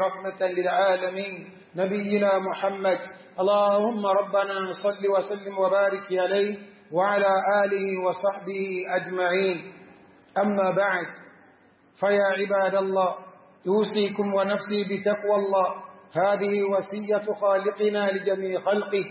رحمة للعالمين نبينا محمد اللهم ربنا صل وسلم وبارك عليه وعلى آله وصحبه أجمعين أما بعد فيا عباد الله يوصيكم ونفسي بتقوى الله هذه وصية خالقنا لجميع خلقه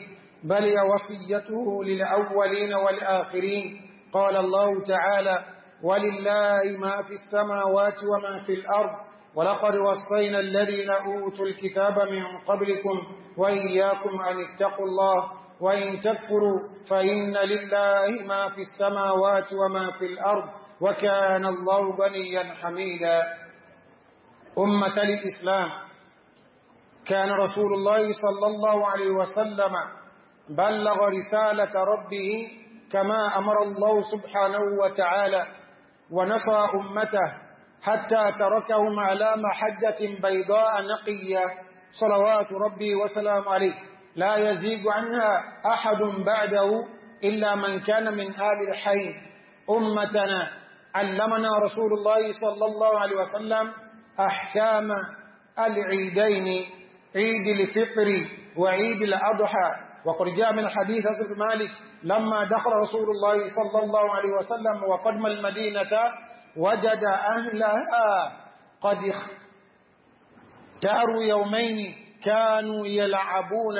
بل هي وصيته للأولين والآخرين قال الله تعالى ولله ما في السماوات وما في الأرض ولقد وصينا الذين أوتوا الكتاب من قبلكم وإياكم أن اتقوا الله وإن تكفروا فإن لله ما في السماوات وما في الأرض وكان الله بنيا حميدا أمة الإسلام كان رسول الله صلى الله عليه وسلم بلغ رسالة ربه كما أمر الله سبحانه وتعالى ونصى أمته حتى تركهم على حجة بيضاء نقية صلوات ربي وسلام عليه لا يزيد عنها أحد بعده إلا من كان من آل الحي أمتنا علمنا رسول الله صلى الله عليه وسلم أحكام العيدين عيد الفطر وعيد الأضحى وقد جاء من حديث أسر مالك لما دخل رسول الله صلى الله عليه وسلم وقدم المدينة وجد أهلها قد اختاروا يومين كانوا يلعبون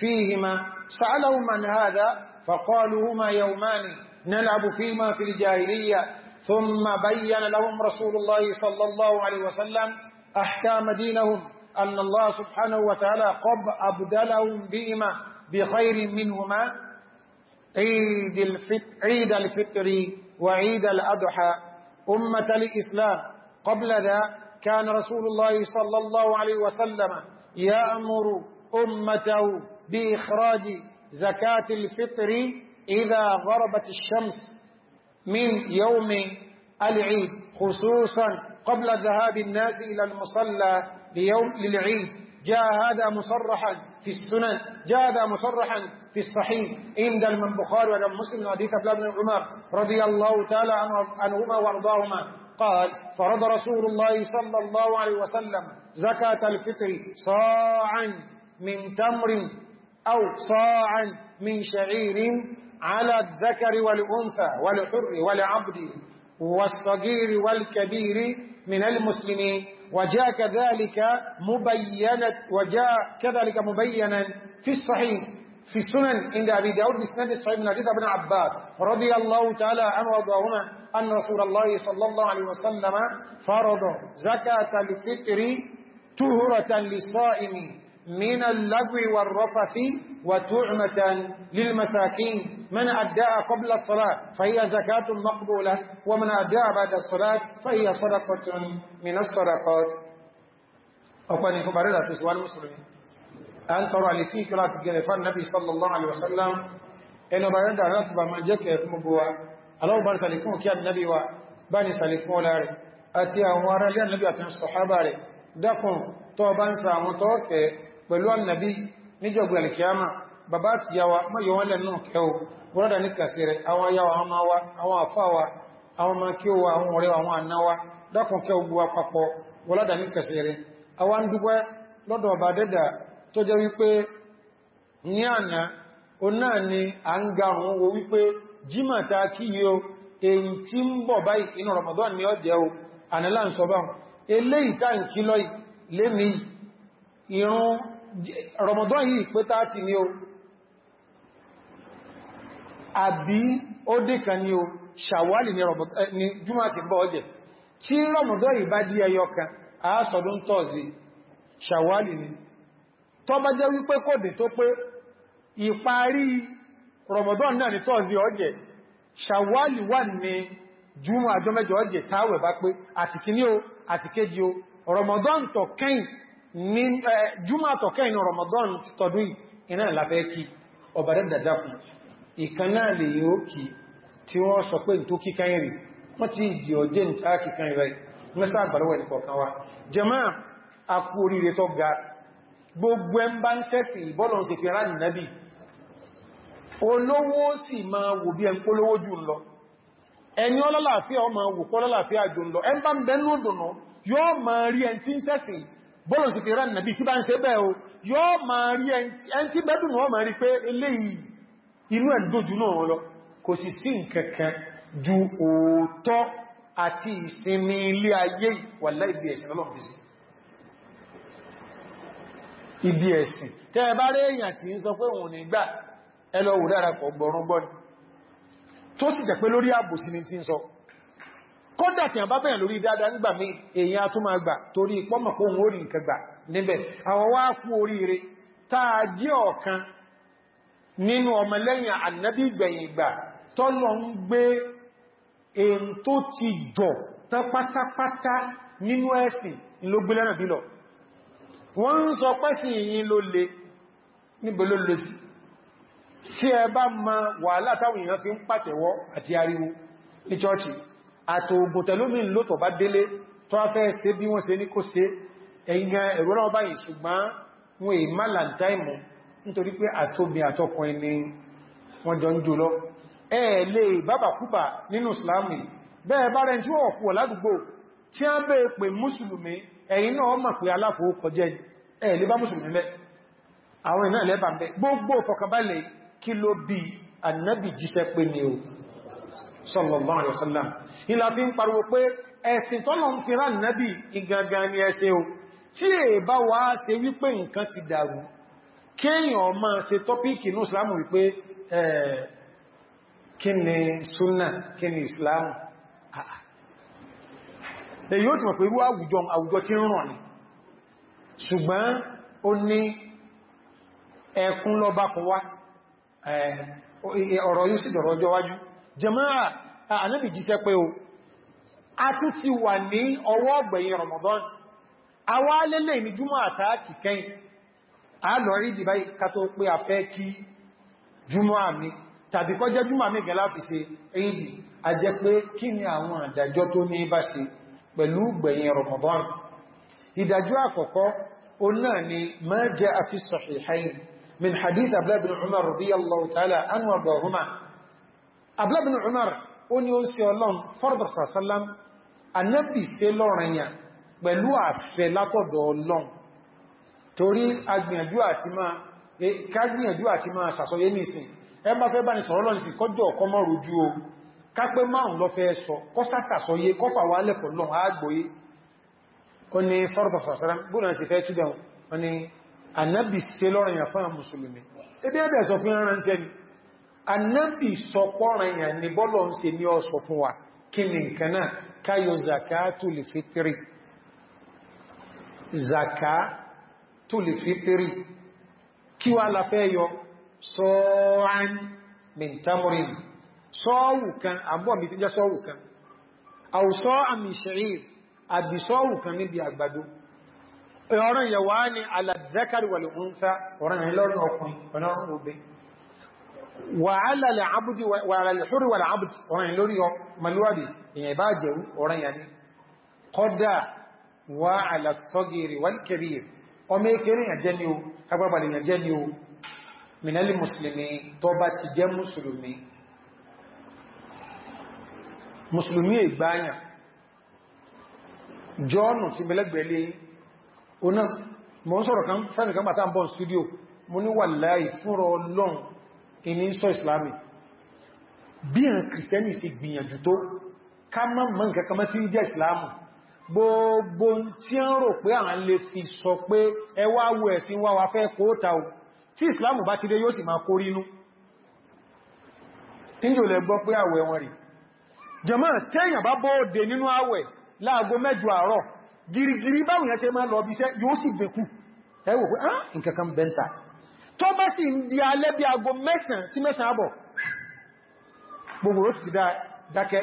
فيهما سألوا من هذا فقالوا هما يومان نلعب فيما في الجاهلية ثم بين لهم رسول الله صلى الله عليه وسلم أحكام دينهم أن الله سبحانه وتعالى قب أبدلهم بهما بخير منهما عيد الفطر, عيد الفطر وعيد الأضحى أمة الإسلام قبل ذا كان رسول الله صلى الله عليه وسلم يأمر أمته بإخراج زكاة الفطر إذا غربت الشمس من يوم العيد خصوصا قبل ذهاب الناس إلى المصلى ليوم للعيد جاء هذا مصرحا في السنن جاء هذا مصرحا في الصحيح عند البخاري وعند مسلم حديث ابن بن عمر رضي الله تعالى عنهما وارضاهما قال فرض رسول الله صلى الله عليه وسلم زكاة الفطر صاعا من تمر أو صاعا من شعير على الذكر والأنثى والحر والعبد والصغير والكبير من المسلمين وجاء كذلك مبينا وجاء كذلك مبينا في الصحيح في السنن عند أبي داود بسند الصحيح من حديث ابن عباس رضي الله تعالى عنه وضعهما أن رسول الله صلى الله عليه وسلم فرض زكاة الفطر تهرة للصائم من اللغو والرفث وتعمة للمساكين من أداء قبل الصلاة فهي زكاة مقبولة ومن أداء بعد الصلاة فهي صدقة من الصدقات أقول لكم بردة في سؤال المسلمين أن ترى لكي كلا الجنفان النبي صلى الله عليه وسلم إن بردة راتبة من جك يكون بوا ألو بردة لكم كيان النبي وباني سالكم لاري أتيا وارا لأن النبي أتنى الصحابة لي دكم توبان سامتوك pẹ̀lú annabi níjọ̀gbẹ̀ alkiyama bàbá ti yawa mọ́yọ̀ wọn lẹ́nu kẹwò bọ́rọ̀dà ní kàṣẹ rẹ̀ àwọn yawa àwọn afáwa àwọn makíwa àwọn ọ̀rẹ́ àwọn annáwa dákùn kẹwò gbọ́ papọ̀ bọ́rọ̀dà ní kàṣẹ rẹ̀ àwọn dúpẹ́ lọ́dọ̀ ọba dẹ́dà tó jẹ́ wípé ní àná o náà ni a ń ga àwọn owó wípé jímà ta kí ni o èyí tí ń bọ̀ báyìí inú Ramadan ni ọjẹ́ o ànílá eléyìí tá ń kí lọ́yìí lémi ìrún Ramadan yìí pé 30 ni o àbí ó dìkà ni o ṣàwálì ni eh, jùmọ́ ti bọ́ ọjẹ́ tí Ramadan yìí bá di ẹyọ kan àásọ̀dún tọ́sí ṣàwálì ni tọ́ bá jẹ́ wípé kò dì tó pé ìparí Ramadan náà ni tọ́sí ọjẹ́ ṣàwálì wà ní jùmọ́ àjọ mẹ́jọ ọjẹ́ táwẹ̀ bá pé àtìkíní o àtìkéjì o Ramadan tọ̀ kẹ́yìn ní jùmọ́ àtọ̀kẹ́ inú Ramadan tọdún iná ìlàfẹ́ kí ọba dẹ́dàdákùn ìkan náà lè yíó kí tí wọ́n sọ pé tó kí kan rí wọ́n ti ìdí ọjẹ́ ìtàkì kan rẹ̀ mẹ́sà wa jẹmọ́ àkú oríire tó ga gbogbo ẹn bá ń sẹ́sì ìbọ́lọ̀ sí fi ránì nábì olówó sì máa wò bí ẹn polówó jù lọ ẹni ọlọ́láàfíà ọmọ wò pọ́lọ́láàfíà yóò máa rí ẹn tí ń sẹ́sì bọ́lọ̀ sí fi rán nàbí tí bá ń ṣe bẹ́ẹ̀ o yóò máa rí ẹn tí bẹ́dùn wọ́n máa rí pé eléyìí inú ẹ̀ dojú náà lọ kò sì sí nǹkankan ju òótọ́ àti ìsinmi ilé ayé wàlá ibi ẹ̀sìn lọ́lọ́ fi ibi ẹ̀sìn kódà tí a bá bẹ̀yàn lórí dáadáa nígbà mí èyàn tó máa gbà torí pọ́mọ̀ pé orí nǹkan gbà níbẹ̀ àwọn wá kú oríire táa jẹ́ ọ̀kan nínú ọmọlẹ́yìn ànábí ìgbẹ̀yìn tọ́lọ ń gbé tó ti jọ tán pátápátá nínú ẹ̀sìn ló gbé àtòògùn tẹ̀lómi ló tọ̀ bá délé tó afẹ́ ṣe bí wọ́n ṣe ní kó ṣe ẹ̀yìnà ẹ̀rọ báyìí ṣùgbọ́n wọn èyí má làntáìmù nítorí pé àtòbí àtọkùnrin ni wọ́n jọ ń jò lọ ẹ̀ẹ̀lẹ́ bábàkúbà nínú islami bẹ́ẹ̀ bá rẹ̀ tí wọ́n kú ọ̀ládùgbò tí a ń bẹ́ pè mùsùlùmí ẹ̀yin náà mọ̀ pé aláfòó sallallahu alaihi wasallam ìlà fi ń pariwo pé ẹ̀sìn tọ́lọ̀ ń fira nábì ìgangan ni ẹ̀sìn o tí è bá wá ṣe wípé nǹkan ti dàrú kéèyàn ma ṣe tọ́píkì ní islamu wípé kí ni súnà kí ni islamu ah, ah. èyí ó ti mọ̀ pé irú àwùjọ tí ń ràn ní ṣùgbọ́n ó ní ẹkún lọ́bákun wá ọ̀rọ̀ yóò sì dọ̀rọ̀ ọjọ́ wájú jama'a ànábì jíṣẹ́ pé o a tún ti wà ní ọwọ́ ọgbẹ̀yìn Ramadan awá lélẹ̀ ní júmọ́ àtàkì kẹ́yìn a lọ rí dìbá kató pé a fẹ́ kí júmọ́ àmì tàbí kọ́ jẹ́ júmọ́ àmì gẹ̀lá fi ṣe èyí a jẹ́ pé kí ni àwọn àdájọ́ tó ní bá ṣe pẹ̀lú gbẹ̀yìn abúlábìnà umar ó ní ó ń ṣe ọlọ́run fọ́rọ̀dọ̀ sàṣálám anẹ́bì ṣe lọ́ranyà pẹ̀lú àṣẹ látọ̀dọ̀ ọlọ́run torí agbìyànjú àti máa e, kágbìyànjú àti máa sàsọyé nìsìn ẹgbà fẹ́ bá ní sọ̀rọ̀ lọ́nà sí kọjọ́ ọkọ mọ́ rojú o kápẹ́ márùn lọ fẹ́ sọ kọ́sá sàsọyé kọfà wà lẹ́fọ̀ lọ àgbòyé ó ní fọ́rọ̀dọ̀ sàṣálám bóòrùn sí fẹ́ annabi sọpọ́ran yà ní bọ́lọ̀ ń ṣe ní ọ̀sọ̀ fún wa kí ni nǹkan náà káyọ zakatu lè fitiri zakatu lè fitiri kí wá la fẹ́ yọ sọ́ọ̀án min tamurin sọ́ọ̀wù kan àbọ̀ mi fi jẹ́ sọ́ọ̀wù kan àwùsọ́ àmì ṣe'ir àbí sọ́ọ̀wù kan níbi àgbàdo ọ̀rọ̀ yẹ̀wà ní alàdẹ́kàrí wàlẹ̀ ọ̀rọ̀ ìlọ́rùn ọkùnrin ọ̀nà obìnrin wàhálà lẹ́àbùdí wàhálà lẹ́húrí wà lẹ́àbùdí ọ̀rìn lórí ọmọlúwàdì èyàn bá jẹ̀rú ọ̀rìn yà ní kọ́dá wà àlàsọ́gìrì wà kẹrìyà ọmọ ekere yà jẹ́ ni o agbábalẹ̀ yà jẹ́ ni o minali musulmi tó bá ti jẹ́ musulmi musulmi ìgbáyà jọ́ọ̀nù ti bẹ̀lẹ́gbẹ̀lẹ́ oná mọ́ ìní sọ ìsìlámì bí i kìrìsìtẹ́nì sì gbìyànjú tó ká mọ́ mọ́ nǹkan kan mọ́ tí ń jẹ́ ìsìlámù gbogbo tí ń rò pé à ń lè fi sọ pé ẹwà wo ẹ̀sìn wá wa fẹ́ kóóta o tí ìsìlámù bá ti dé yóò sì máa kó rínú tíjò lẹ gbọ́ pé àwẹ̀ wọn rí jàmá tẹ́yàn bá bóòdè nínú àwẹ̀ láago mẹ́jọ àárọ̀ gírígírí báwọn yẹn ṣe máa lọ bí iṣẹ́ yóò sì gbẹ̀kù ẹ pé ah nǹkan kan bẹ́ntà tó bá sì ń di alẹ́ bí aago mẹ́sàn sí mẹ́sàn àbọ̀ gbogbo ó ti dákẹ́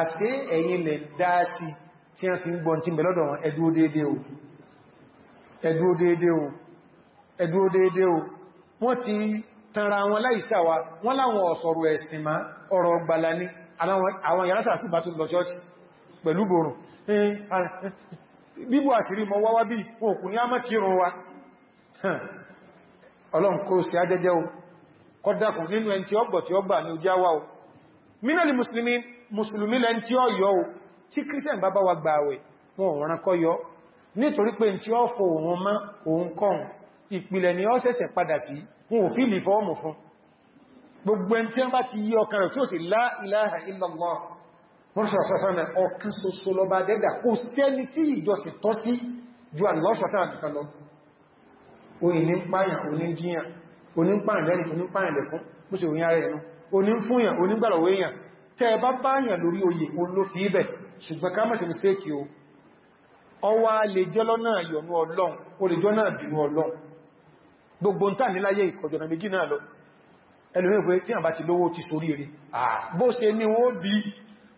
àti ẹ̀yin lè dáa sí tí a fi ń gbọ́n tí ń bẹ̀lọ́dọ̀ wọn ẹdúó déédé o ẹdúó déédé o ẹdúó déédé o wọ́n ti tanra wọn láìsá wa wọ́n láwọn ọ̀sọ̀rọ̀ ẹ̀sìn má ọ̀rọ̀ gbala ní àwọn yàrá sàfí bá tún lọ chọ́ọ̀chì pẹ̀lú gbòrùn bíbò àṣírí mọ́ wáwá bí òkú á mọ́ kírun wa ọlọ́run kó sí ajẹ́jẹ́ o kọ́dákùn nínú ẹn tí ó gbọ̀ tí ó gbà ní ojú àwá o mínàlì musulmi musulmi lẹ́n tí ó yọ o tí kírísẹ̀n bá bá wa gbà àwẹ̀ wọn ò ránkọ́ yọ nítorí pé tí ó fò òun mọ́ òun kọ́n ìpìlẹ̀ ni ó ṣẹ̀ṣẹ̀ padà sí wọn ò fíìlì fọ́ọ̀mù fún gbogbo ẹn tí ó bá ti yí oyin ní páyàn oní jíyàn oní páyàn lẹ́rin oní páyàn lẹ́kún mú sí oyin ara ẹ̀nu oní fúnyàn oní gbàlọ̀wọ́ èyàn tẹ́ bá báyàn lórí oyè o ló fi ibẹ̀ ṣùgbọ́n ká mọ̀ sí mistake o ọwá lè jẹ́ lọ́nà yọ̀nú ọlọ́run o lè jọ́nà bínú ọlọ́run gbogbo ń tà níláyé ìkọjọ̀nà méjì náà lọ ẹlùmí ìpé tí àbá ti lówó ti sórí rí bó ṣe ní wọ́n bí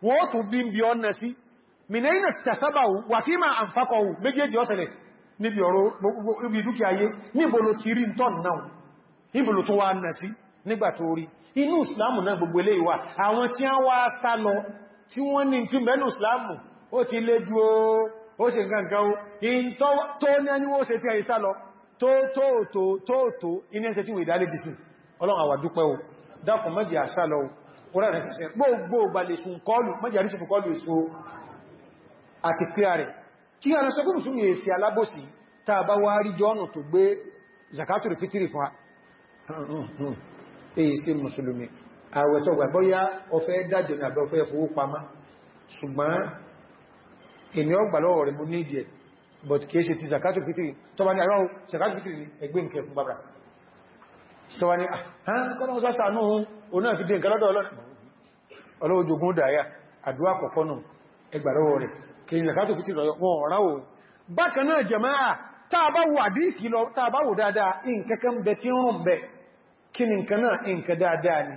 wọ́n tún bí ń bí ọ́nà sí mìnà níbi ọ̀rọ̀ ibi dúkìá ayé níbòlò ti rí tọ́n náà níbòlò tó wá nà sí nígbà tó rí inú ìsìláàmù náà gbogbo ilé ìwà àwọn tí wọ́n wá sá lọ tí wọ́n ní tí mẹ́nu ìsìláàmù ó ti lé ju ó ṣe gangan ó in tó ní ẹni o dákùn mọ́jì àṣà lọ orí rẹ̀ kẹsẹ̀ gbogbo balẹ̀ sùn kọlù mọ́jì àríṣẹ́ àti kíyà rẹ̀ kí a sọ kúrùsù ní èsì alábòsí tàà bá wá rí jọ́nù tó gbé zakatul fitiri fún èsì mùsùlùmí àwẹ̀ tó gbà bóyá ọfẹ́ dájọ́ ní àbẹ́ ọfẹ́ fowó pamá ṣùgbọ́n èmi ọgbà lọ́wọ́ rẹ̀ mú ní ìdíẹ̀ but kìí ṣe ti zakatul fitiri tó bá ní àwọn zakatul fitiri ní ẹgbẹ́ nǹkẹ́ fún bàbá tó bá ní ah, kìí zakatu fitri wọn ọ̀rá o bákan náà jama'a ta bá wò àdíìsì lọ ta bá wò dáadáa nǹkankan bẹ tí ń rùn bẹ kí ni nǹkan náà nǹkan dáadáa ni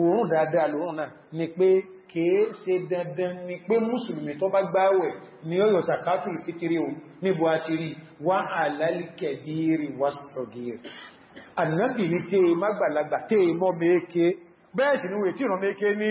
òórùn dáadáa lòórùn náà ni pé kìí ṣe dandan ni pé mùsùlùmí tó bá gbáwẹ̀ ni ó yọ zakatu fitri o níbo a ti rí wá àlálìkẹ̀dìrì wá sọ̀gìrì ni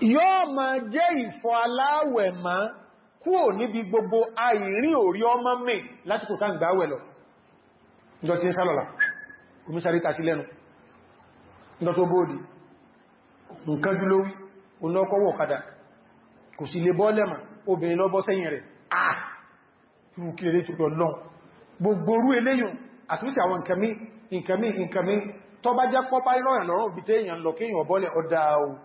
yóò máa jẹ́ ìfọ aláwẹ̀ má kúò níbi gbogbo àìrí orí ọmọ mẹ́ lásìkò ká ń gbáwẹ̀ lọ ìjọ tí ń sálọ̀lá komisari tàṣí lẹ́nu ìjọ tó bóòdì nǹkan jùlówí onákọwọ̀ kadà kò sí lè bọ́ lẹ́mà obìnrin lọ́bọ́ sẹ́yìn rẹ̀ ah ìrùkìlẹ̀ tó yọ lọ gbogbo orú eléyùn àtúnṣe àwọn nkàmí nkàmí nkàmí tó bá jẹ́ pọ́pá ìrọ̀yàn lọ́rùn bí tẹ́yàn lọ kéyàn ọbọ́lẹ̀ ọdáa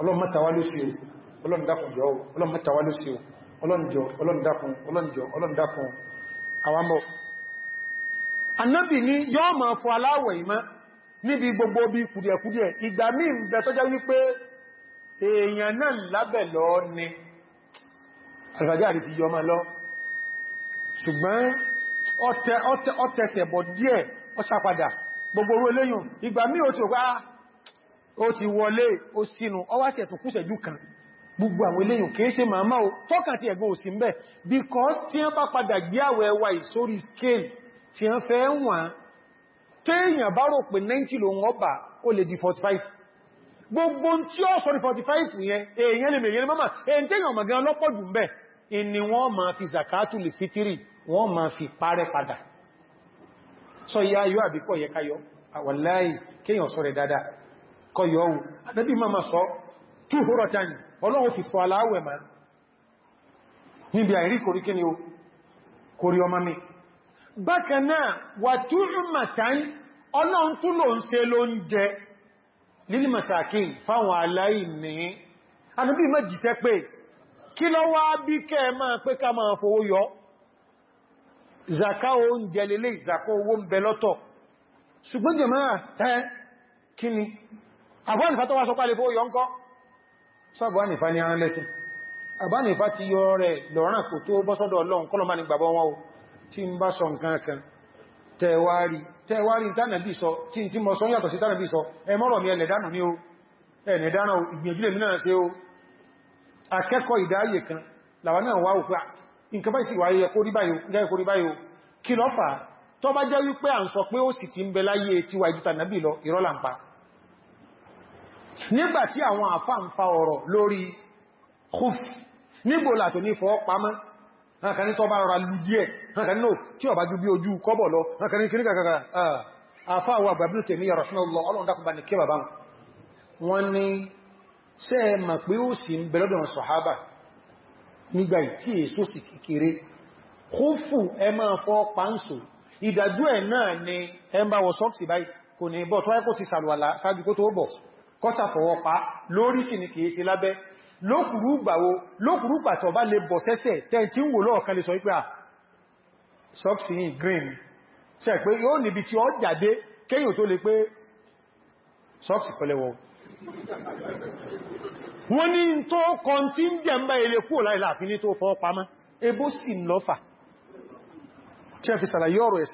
ọlọ́run mẹ́ta wá ló sí o ọlọ́run dákun jọ ọlọ́run mẹ́ta wá ló sí o ọlọ́run jọ ma fọ aláwẹ̀ ìmá níbi gbogbo bí kùdìẹ̀kùdìẹ̀ ìgbà míì bẹ tọ́já wípé èèyàn náà lábẹ̀ lọ ni alfàjáàrí ti yọ ma lọ ṣùgbọ́n ọtẹsẹ̀bọ̀ díẹ̀ ọsápadà gbogbo orú eléyìn ó ti wọlé ó sínú ọwá sí ẹ̀tùn kúsẹ̀jú kan gbogbo àwọn eléyìn kìí ṣe màmá o tọ́kàn ti ẹ̀gbọ́n òsì mẹ́ because tí wọ́n bá padà gbé àwẹ̀ ẹwà ìsórí scale tí wọ́n fẹ́ wọ́n téèyàn bá rò pé 90 lòun ọba ó lè di 45 gbogbo tí ó sọ di 45 yẹn èèyàn lè mèèyàn mọ́mà èyàn téèyàn mọ̀ gan lọ́pọ̀ jù mẹ́ ìní wọ́n máa fi zakatu lè fitiri wọ́n máa fi parẹ́ padà sọ ìyá kọyọ ohun ànábì ma sọ tí húrọ̀ tán ọlọ́run fi fọ aláwẹ̀ ma níbi àìrí kí ni ó kò ọmọ mi bákan wà tí ìmà tán ọlọ́run tún ló ń nje. ló ń jẹ lílì masaki fáwọn aláìní ànábì má jìtẹ́ pé kí lọ wá bí kẹ́ máa pé ká zaka oúnjẹ owó ń bẹ lọ́tọ̀ ṣùgbọ́n jẹ àbánìfà tó wá sọ pálẹ̀ fó yọ́nkọ́ sọ́bánìfà ni aran lẹ́sìn àbánìfà ti yọ rẹ̀ lọ́rán kò tó bọ́sọ́dọ̀ ọlọ́run kọ́lọ̀mà ní gbàbọ́ wọn o tí ń bá sọ nǹkan kan tẹ̀wárí tẹ̀wárí tánàbí sọ tí ń tí mọ́ sọ yàtọ̀ sí tánàbí sọ ẹ mọ́rọ̀ mi ẹlẹ̀ dánù ní o ẹ̀nẹ̀ dánà ìgbìyànjúlẹ̀ mi náà ṣe o akẹ́kọ̀ọ́ jẹ́ wípé à ń sọ pé ó sì ti ń bẹ láyé tí wà ìjúta lọ ìrọ́làǹpa nígbàtí àwọn àfá ń fa ọ̀rọ̀ lórí khuf nígbò látò ní fọ́ pamọ́ hankaní tó bá rọra lú díẹ̀ hankaní náà tí ọba jú bí ojú kọ́bọ̀ lọ hankaní kìrí kàkàkà àfá ni ṣe mọ̀ pé ó sì ń bẹ̀lọ́dọ̀ sọ̀hábà nígbà tí èso sì kékeré kúfù ẹ máa fọ́ pàǹsò ìdàjú ẹ̀ náà ni ẹ ń bá wọ sọ́ọ̀sì báyìí kò ní bọ́ tó ẹ́kò ti sàlùwàlá sáájú kó tó bọ̀ kọ́sàfọwọ́pá lórí sì ní kìí sí lábẹ́ lókùrú gbàwo lókùrú pàtọ̀ bá lè bọ̀ sẹ́sẹ̀ tẹ́ tí ń wò lọ́ọ̀kan lè sọ wípé à sọ́ksì yìí green ṣe pé yóò níbi tí ó jáde kéyìn tó lè pé sọ́ksì pẹ̀lẹ̀wọ̀ wọ́n ní tó kan tí ń jẹ́ mbá ilé kúrò láìláàfin ní tó fọ́ pamá ebó sì ń lọ́fà tí ẹ fi sàlàyé ọ̀rọ̀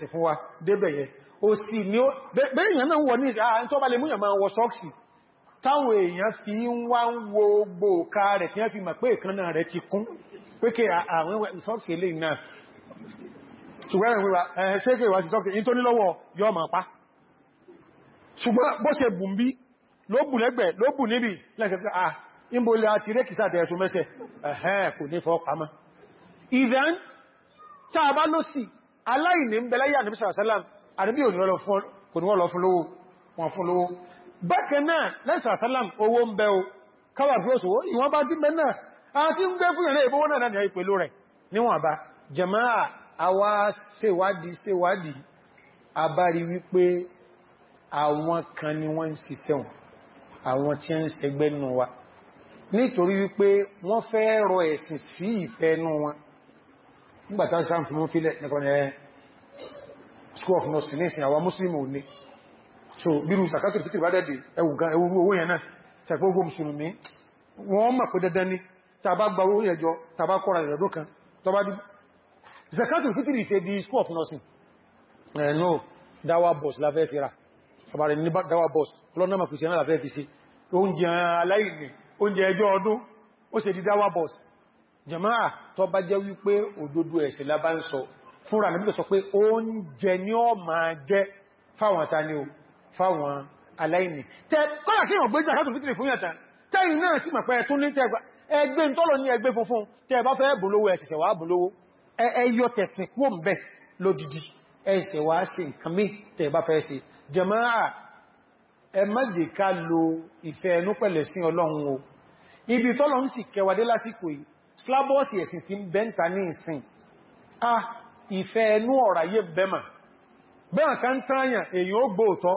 táwọn èèyàn fi ń wá ń wo gbò ká rẹ̀ tí wọ́n fi mọ̀ pé ìkanná rẹ̀ ti kún pékè àwọn ìsọ́ọ̀sì ilé náà ṣùgbọ́n ìwé wa ṣékè wá sí sọ́ọ̀sì ní tó nílọ́wọ́ yọ ma pa ṣùgbọ́n bó ṣe bù ń bí ló bù lẹ́gbẹ̀ ló bù níbi lẹ́gbẹ̀ ah ìbò bákan náà lẹ́sà sálàm owó ń bẹ o káwà gúrósù owó ìwọ̀n bá jí mẹ́nà àti ń gbé fún ìrìn ìbówó náà dáadáa ìpèlú rẹ̀ níwọ̀n bá jẹmáà àwa ṣèwádìí ṣèwádìí àbárí wípé àwọn kan ni wọ́n ń ṣiṣẹ́ wọn àwọn tí ń ṣẹgbẹ́ nù wa nítorí wípé wọ́n fẹ́ rọ ẹ̀sìn sí ìfẹ́ nù wọn nígbàtà sáàmù fún mú fílẹ̀ nìkan ẹ̀ school of nursing ní ìsìn so bírú sàkátù títì bá dẹ̀dẹ̀ ẹwù gan ẹwù owó yẹn náà sẹ̀pọ̀ ogun mùsùlùmí wọ́n mọ̀ pé dandan ní tàbá gba owó yẹjọ tàbá kọ́ra ìrẹ̀dọ́ kan tọba dí sàkátù títì rí ṣe di school of nursing ẹ̀ no dawa boss láfẹ́ fira ọba rẹ̀ ní dawa bus lọ́nà mọ̀ kùsì náà láfẹ́ fi alai ni aláìní oúnjẹ ẹjọ́ ọdún ó ṣe di dawa bus jàmáà tó bá jẹ́ wípé òdodo ẹ̀sìn la bá ń sọ fúnra níbi sọ pé oúnjẹ ni ó máa jẹ fáwọn àtàní o fáwọn aláìní kọ́nà kí ìwọ̀n gbé jẹ́ àkàtù fítìrì fún yàtà tẹ́yìn náà sí màpẹ́ tó ní tẹ́gbà ẹgbẹ́ tọ́lọ ní ẹgbẹ́ funfun tẹ́ bá fẹ́ bùlówó ẹ̀ṣẹ̀ṣẹ̀ wà bùlówó ẹyọ tẹ̀sìn kúò mbẹ̀ lódìdí ẹ̀ṣẹ̀ wà sí nǹkan mí tẹ́ bá fẹ́ sí lo ìfẹ́ ẹnu pẹ̀lẹ̀ ibi tọ́lọ ń sì kẹwàdé lásìkò yìí slabọ́ọ̀sì ẹ̀sìn ti ń bẹ́ǹta ní ìsìn ah ìfẹ́ ẹnu ọ̀ràyé bẹ́mà bẹ́ẹ̀ kan tráyàn èyàn ó gbóòtọ́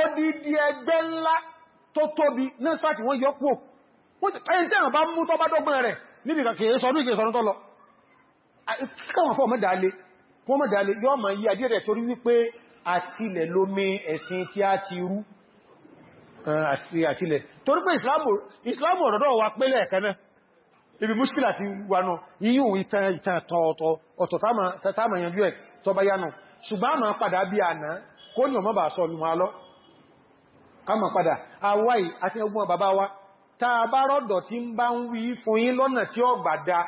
odidi ẹgbẹ́ ńlá tó tóbi nẹ́sàtì wọ́n yọ pò ẹni tẹ́ràn bá mú tọ́ bá dọ́gbọ́n rẹ̀ níbi kàkèé sọ́dún ìkèé sọ́dún tọ́lọ a ti torí pé ọ̀dọ̀dọ̀ wa ibi muskila ti wà náà yíyùn ìtàn ìtàn ọ̀tọ̀ táàmà ẹ̀ yánà ṣùgbọ́n ma máa padà bí àná kó ní ọmọ bà sọ lùmọ́ alọ́ ká máa padà àwáì àti ọgbọ́n bàbá wa ta bá rọ́dọ̀ tí ń bá ń wí fún yín lọ́nà tí ó gbàdá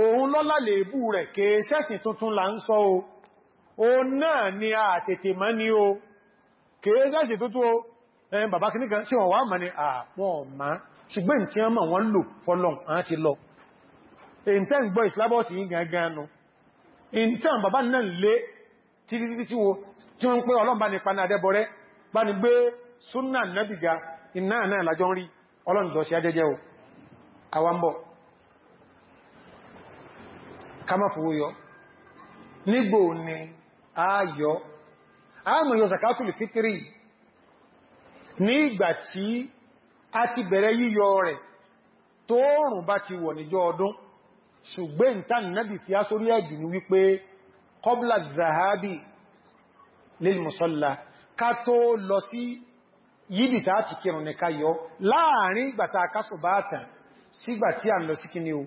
òun lọ́lá lèébù rẹ̀ kèésẹ́sìn tuntun là ń sọ o o náà ni a tètè mọ́ ní o kèésẹ́sìn tuntun o ẹn bàbá kìíní kan sí wọn wá mọ́ ni àwọn ọ̀má ṣùgbọ́n tí wọ́n mọ̀ wọ́n lò fọ́lọ́n títí títí tí wo tí wọ́n ń pẹ́ ọlọ́mbà ní paná adẹ́bọrẹ́ bá ní gbé súnà nẹ́bìgá iná ń rí o àwambọ̀ kamáfowó yọ nígbò ní ayọ́ yọ a ti bẹ̀rẹ̀ yíyọ rẹ̀ tóòrùn bá ti wọ̀ níjọ́ ọdún ṣùgbẹ́ fi á sórí ẹ̀jù ní kọbla zahabi lilmusalla ká tó lọ sí yíbìtà àti kírùn ní káyọ láàrin ìgbàta akásù bá tàn sígbàtí à ń lọ sí kí ni o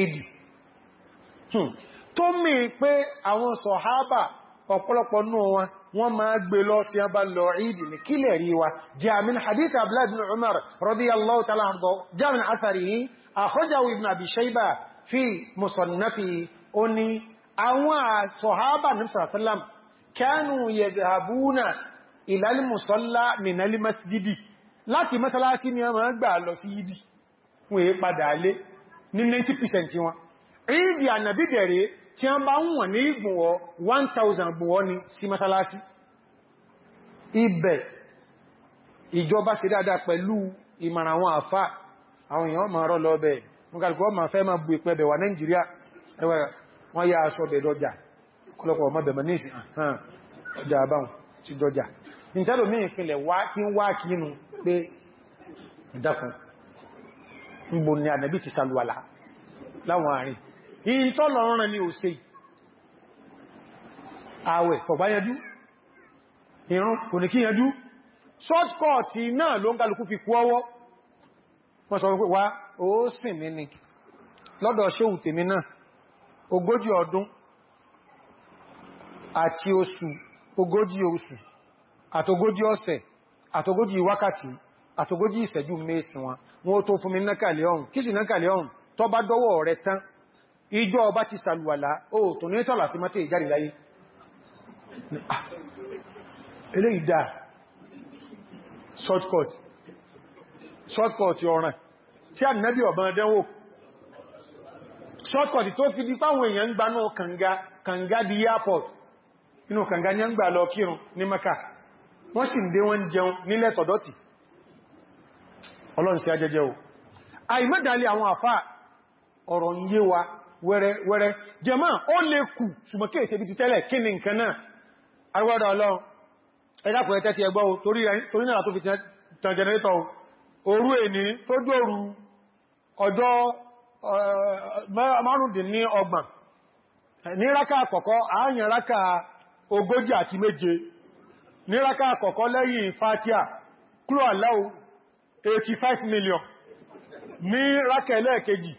ìdì hmm. tó mì pé àwọn sọ̀hábà ọ̀pọ̀lọpọ̀ nù wọn wọ́n máa gbé lọ tí a bá lọ ìdì ní kílẹ̀ rí wa jamin hadith abdullahi umar radiyallahu ta'ala anhu jamin asari akhrajahu ibn abi shayba fi musannafi ó àwọn sọ̀hábà ní sàrásálàm kánù yadhabuna ilal musalla minal masjidi láti mọ́sálásí ni wọ́n gbà lọ sí ìdí wọ́n èé padà lé ní 90% wọn ìdí ànàbí dẹ̀rẹ̀ tí wọ́n bá wọ̀n ní ìgbùnwọ́ 1000 gbùnwọ́ ni sí mọ́sálásí ibẹ̀ ìjọba ṣe dáadáa pẹ̀lú ìmọ̀ràn àwọn àfá àwọn èèyàn ma rọ́ lọ bẹ̀ mọ́kàlùkọ́ ma fẹ́ ma bu ìpẹ́bẹ̀ wà Nàìjíríà ẹwà wọ́n yá aṣọ bẹ̀ dọjà kọlọpọ̀ ọmọ bẹ̀mọ̀ ní ìsìn ọjà àbáhùn ti dọjà nítẹ́lò mí ìpínlẹ̀ wá kí ń wá kí inú pé ìdákun mbò ní ànàbí ti sàlùwàlá láwọn àárín yìí tọ́lọ rán ní òsè ààwẹ̀ kọ̀gbá yanjú ìrún kò náà ló ń kálukú fi kú ọwọ́ wọ́n sọ wípé wá ó sìn ní ní lọ́dọ̀ ṣéhù tèmi náà ogójì ọdún àti oṣù ogójì oṣù àtogójì ọ̀sẹ̀ àtogójì wákàtí àtogójì ìṣẹ́jú mẹ́sìn wọn wọ́n tó fún mi nákàlẹ̀ ọ̀hún kí sì nákàlẹ̀ ọ̀hún tó bá dọ́wọ́ rẹ tán ìjọ ọba ti sàlùwàlá ó tó ní tọ́lá sí mọ́tẹ̀ ìjáde láyé ah, eléyìí dá shortcut shortcut ọ̀ràn shortcut tó fi di fáwọn èèyàn ń di airport inú kànga ní ń gbà lọ kírun maka wọ́n sì ń dé wọ́n jẹun nílẹ̀ tọ̀dọ́tì ọlọ́run sí ajẹjẹ o àìmọ́dàlẹ̀ àwọn àfá ọ̀rọ̀ ń yé wa wẹ́rẹ́wẹ́rẹ́ jẹmọ́ ó lè kù ti fi Eh, eh, márùndínlẹ́ ọgbọ̀n eh, ní rákà àkọ́kọ́ àáyàn rákà ogójì àti méje ní rákà àkọ́kọ́ lẹ́yìn fatia kúrò aláwò 85 million ní rákà ẹlẹ́ẹ̀kejì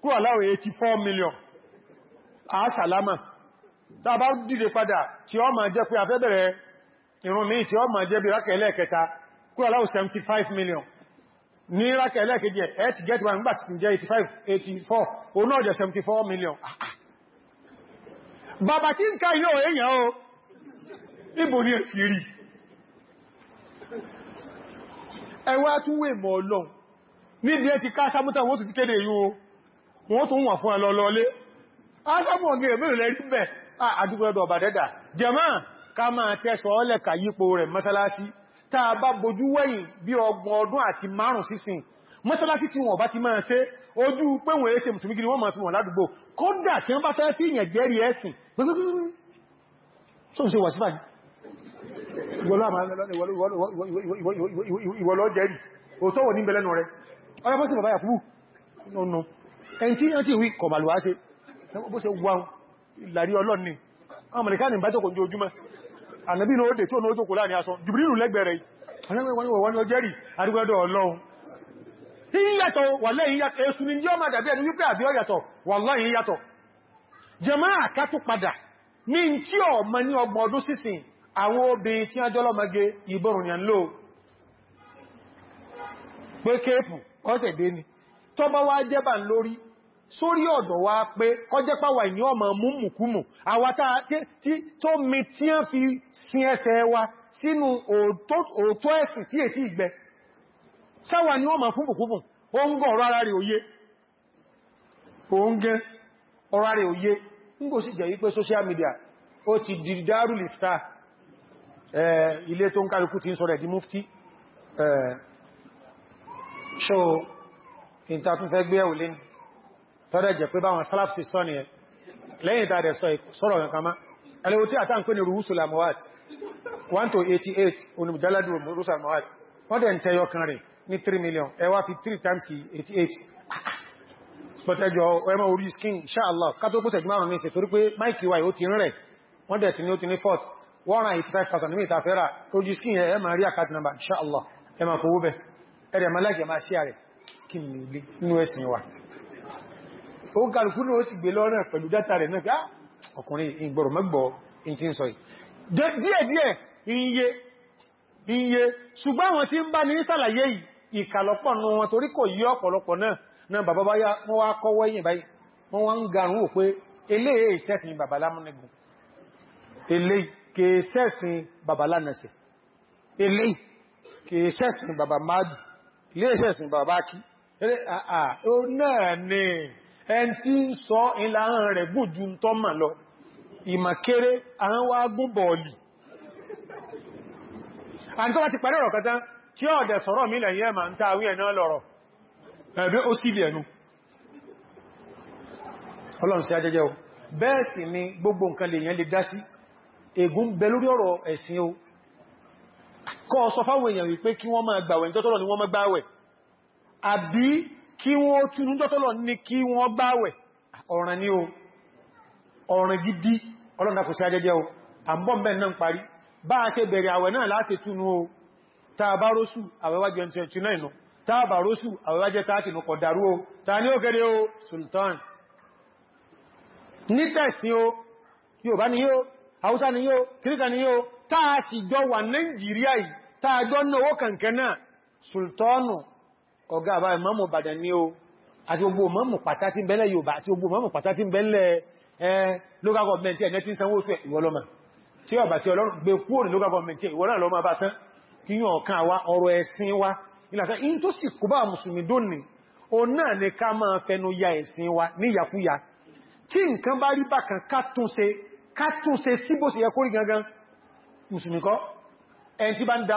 kúrò aláwò 84 million àásàlámà tá a bá dìde padà tí ó ma jẹ́ pé afẹ́bẹ̀rẹ̀ tí ó jẹ́ bí rákà ẹlẹ́ẹ̀kẹta ní rákà ẹlẹ́kejì ẹ̀ ti get one gbàtí ti jẹ́ 85 84 o náà jẹ́ 74 million ah, ah. bàbá tí ń ká yóò èèyàn o ni ní ẹ̀tì rí ẹwà túnwé mọ̀ ọlọ́n níbi ti ká sámútà wọ́n tó ti kéde yóò wọ́n tó wọ́n fún ẹlọ́lọ́lé ásámọ̀ Jaman tá a bá bojú wẹ́yìn bí ọgbọ̀n ọdún àti márùn sísìn mọ́sálásí tí wọ́n bá ti máa ṣe ojú pé wọ́n èése mùsùlùmí gidi wọ́n máa fi wọ́n ládùgbò kódà tí wọ́n bá fẹ́ fi ìyẹn jẹ́rì ẹ̀sìn gbogbo ọmọ ìrìkáni ìbájọ́kọ̀ ojú ojúmọ́ ànàbí ní ó dè tó ó jókòó láàrin aṣọ jùbìrìlù lẹ́gbẹ̀rẹ̀ wọ́n ni ó jẹ́rì àrígbẹ́dọ̀ ọlọ́run yíyàtọ̀ wàlẹ́ yíyàtọ̀ èsù ni yọ́ máa dàbí ní tí ní ọgbọ̀n ọdún sísìn àwọn obìnrin tí a ìbọrùn lò pé kéèpù ni jẹ́bà sórí ọ̀dọ̀ wa pé kọjẹ́ pàwà ìní ọmọ múmùkúmù àwátá tó mi tí a fi sin ẹsẹ̀ wa sínú òótọ́ ẹ̀sìn tí èsì ìgbẹ sáwà ní ọmọ fúnmùkúmù ó ń gọ́ ọ̀rọ̀ rẹ̀ òye oúnjẹ ọ̀rọ̀ rẹ̀ òye ń kò sì jẹ́ wípé social media ó ti di dárú lifta ilé tó so ìta tún fẹ́ tọ́rẹ jẹ pé báwọn sálàfsì sọ ni ẹ lẹ́yìn ìta rẹ̀ sọ́rọ̀ kankan má ẹlẹ́wò tí àtà ń pè ní rúúsùlà mọ́wàtí 188 onímọ̀jáládù rúúsùlà mọ́wàtí wọ́n dẹ̀ ń tẹ́yọ kan rẹ̀ ní 3 million ẹwà fi 3 times 88 pọ̀tẹ́jọ ẹmọ orí skin inshallah kátó pọ́sẹ̀ jùmọ́ àwọn mẹ́sẹ̀ torí pé mike y ó ti ń rẹ̀ wọ́n dẹ̀ ti ní ó ti ní fourth 185,000 ní ìtafẹ́ra orí skin ẹ ẹ máa rí àkáàtì nàmbà inshallah ẹ máa kówó bẹ ẹ̀rẹ̀ máa láìkẹ̀ máa ṣí ààrẹ kí ni ilé nínú ẹ̀sìn wa ó kàrùkú ní ó sì gbé lọ́rẹ̀ pẹ̀lú dátà rẹ̀ náà ah, ọkùnrin ìgbọ̀rọ̀ mẹ́gbọ̀ in ti ń sọ díẹ̀díẹ̀ iye iye ṣùgbọ́n àwọn tí ń bá ní sàlàyé ìkàlọ́pọ̀ nù wọn torí kò yí ọ̀pọ̀lọpọ̀ náà náà bàbá bá yá wọ́n wá kọ́wọ́ yìn báyìí wọ́n wá ń garun wò pé eléyè ìṣẹ́sìn babalámúnigun eléyìí kèèṣẹ́sìn babalánẹsẹ̀ eléyìí kèèṣẹ́sìn babamadu iléṣẹ́sìn babaki náà ni ẹn tí ń sọ ìlà ahọ́n rẹ̀ gùn ju tọ́ mà lọ ìmọ̀kéré àwọn wá gún bọ̀ọ̀lì àǹtọ́ bá ti parí ọ̀rọ̀ kẹta tí ó dẹ̀ sọ̀rọ̀ mílẹ̀ yẹ́ ma ń ta àwí ẹ̀nà lọ́rọ̀ ẹ̀bẹ́ ó sílẹ̀ ẹnu ọlọ́run sí ajẹ́jẹ́ ni gbogbo nǹkan lè yẹn lè dá sí ègún bẹ lórí ọ̀rọ̀ ẹ̀sìn ni wọ́n máa gbàwẹ̀ kí wọ́n túnú tọ́tọ́lọ̀ ní kí wọ́n gbáwẹ̀ ọ̀ràn ní o ọ̀ràn gidi ọlọ́nà kò sí ajẹ́jẹ́ o àmbọ́m̀bẹ̀ náà ń parí bá a ṣe bẹ̀rẹ̀ àwẹ̀ náà láti túnú o tàbárósù àwẹ̀wájẹ́ 29 nù tàbárósù àwẹ̀wájẹ́ 30 nù kọ̀dàrú sultan ni yóò Haúsá ni yóò kíríkà ni yóò táà sì jọ wà Nàìjíríà yìí sultanu ọ̀gá àbá ìmọ́mù Ìbàdàn ní o àti gbogbo mọ́mù pàtà tí ń bẹ́lẹ̀ Yorùbá àti gbogbo mọ́mù pàtà bẹ́lẹ̀ local government ẹ̀ tí ń sanwó oṣù ìwọlọ́mà tí ọba tí Ọlọ́run gbé kúrò ní local government ìwọlọ́run lọ́mà bá sán kí yàn kan wa ọ̀rọ̀ ẹ̀sìn wa ìlàsá in tó sì kó bá mùsùlùmí dónì o náà ni ká máa fẹnu ya ẹ̀sìn wa ní ìyàkúyà tí nǹkan bá rí bákan kátúnṣe kátúnṣe gangan mùsùlùmí kọ́ ẹni tí bá ń dá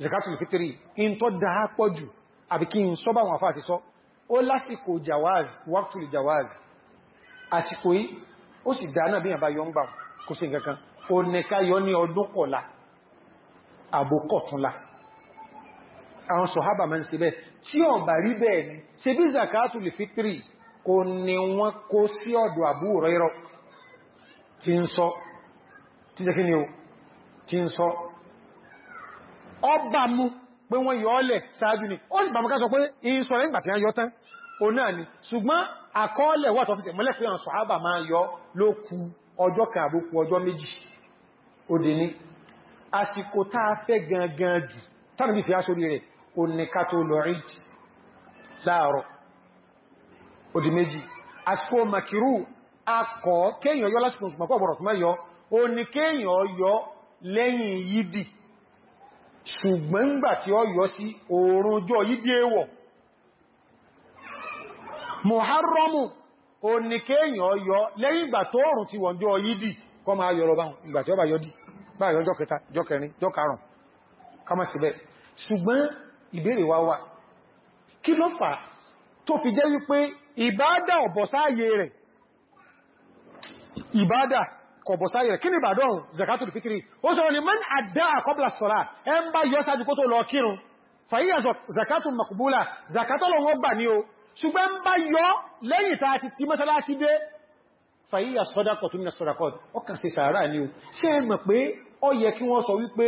zakatul fitri in tó dáa pọ̀jù àbí kí so sọ bá wọn àfáà ti sọ ó lásìkò jawaz waqtul jawaz àti kò yí ó sì dáa náà bí yàn bá yọ ń gbà kò sí nǹkan kan ó nẹ́ká yọ ní ọdún kọ̀lá àbòkọ̀túnlá àwọn sọ̀hábà máa ń ṣe bẹ́ẹ̀ tí ó bá rí ni ṣe bí zakatul fitri kò ní wọ́n kó sí ọ̀dọ̀ Abu Hurairah tí ń sọ tí jẹ́ kí ni ó ọba mú pé wọ́n yọ ọlẹ̀ sáájú ni ó ní bàmọ́ká sọ pé in sọ lẹ́gbà tí a yọ tán o náà ni ṣùgbọ́n àkọọ́lẹ̀ wà tọ́fíṣẹ̀ mọ́lẹ̀ fi hàn sọ̀hábà máa yọ ló kù ọjọ́ kan àbókù ọjọ́ méjì òdè ní àsìkò tá a fẹ́ gangan jù tánà bí fi aṣórí rẹ̀ o ní ká tó lọ lásìkò ṣùgbọ́n kọ̀ tó mẹ́yọ o ní lẹ́yìn yídì ṣùgbọ́n gbà tí ó yọ sí oòrùn ojú yìí di èèwọ̀ o ní kéèyàn lẹ́yìn ìgbà tó oòrùn ti wọ̀n jọ yìí kọ máa yọ lọ́bá ìgbà tí ó bá yọ jọ kẹta jọ kẹrin jọ kọ̀bọ̀sáyẹ̀ kí ni ìbàdàn zakatul fitri ó sọ ni man àdá àkọ́bla sọ́lá ẹn bá yọ́ sájú kó tó lọ kírun fàíyà zakatul makubula zakatọ́lọ wọ́n gbà ní o ṣùgbọ́n bá yọ́ lẹ́yìn tàà ti ti mọ́sálásí dé fàíyà sọ́dákọ̀tún ní sọ́dákọ̀t ọkà sí sàárà ní o ṣe é mọ̀ pé ó yẹ kí wọ́n sọ wípé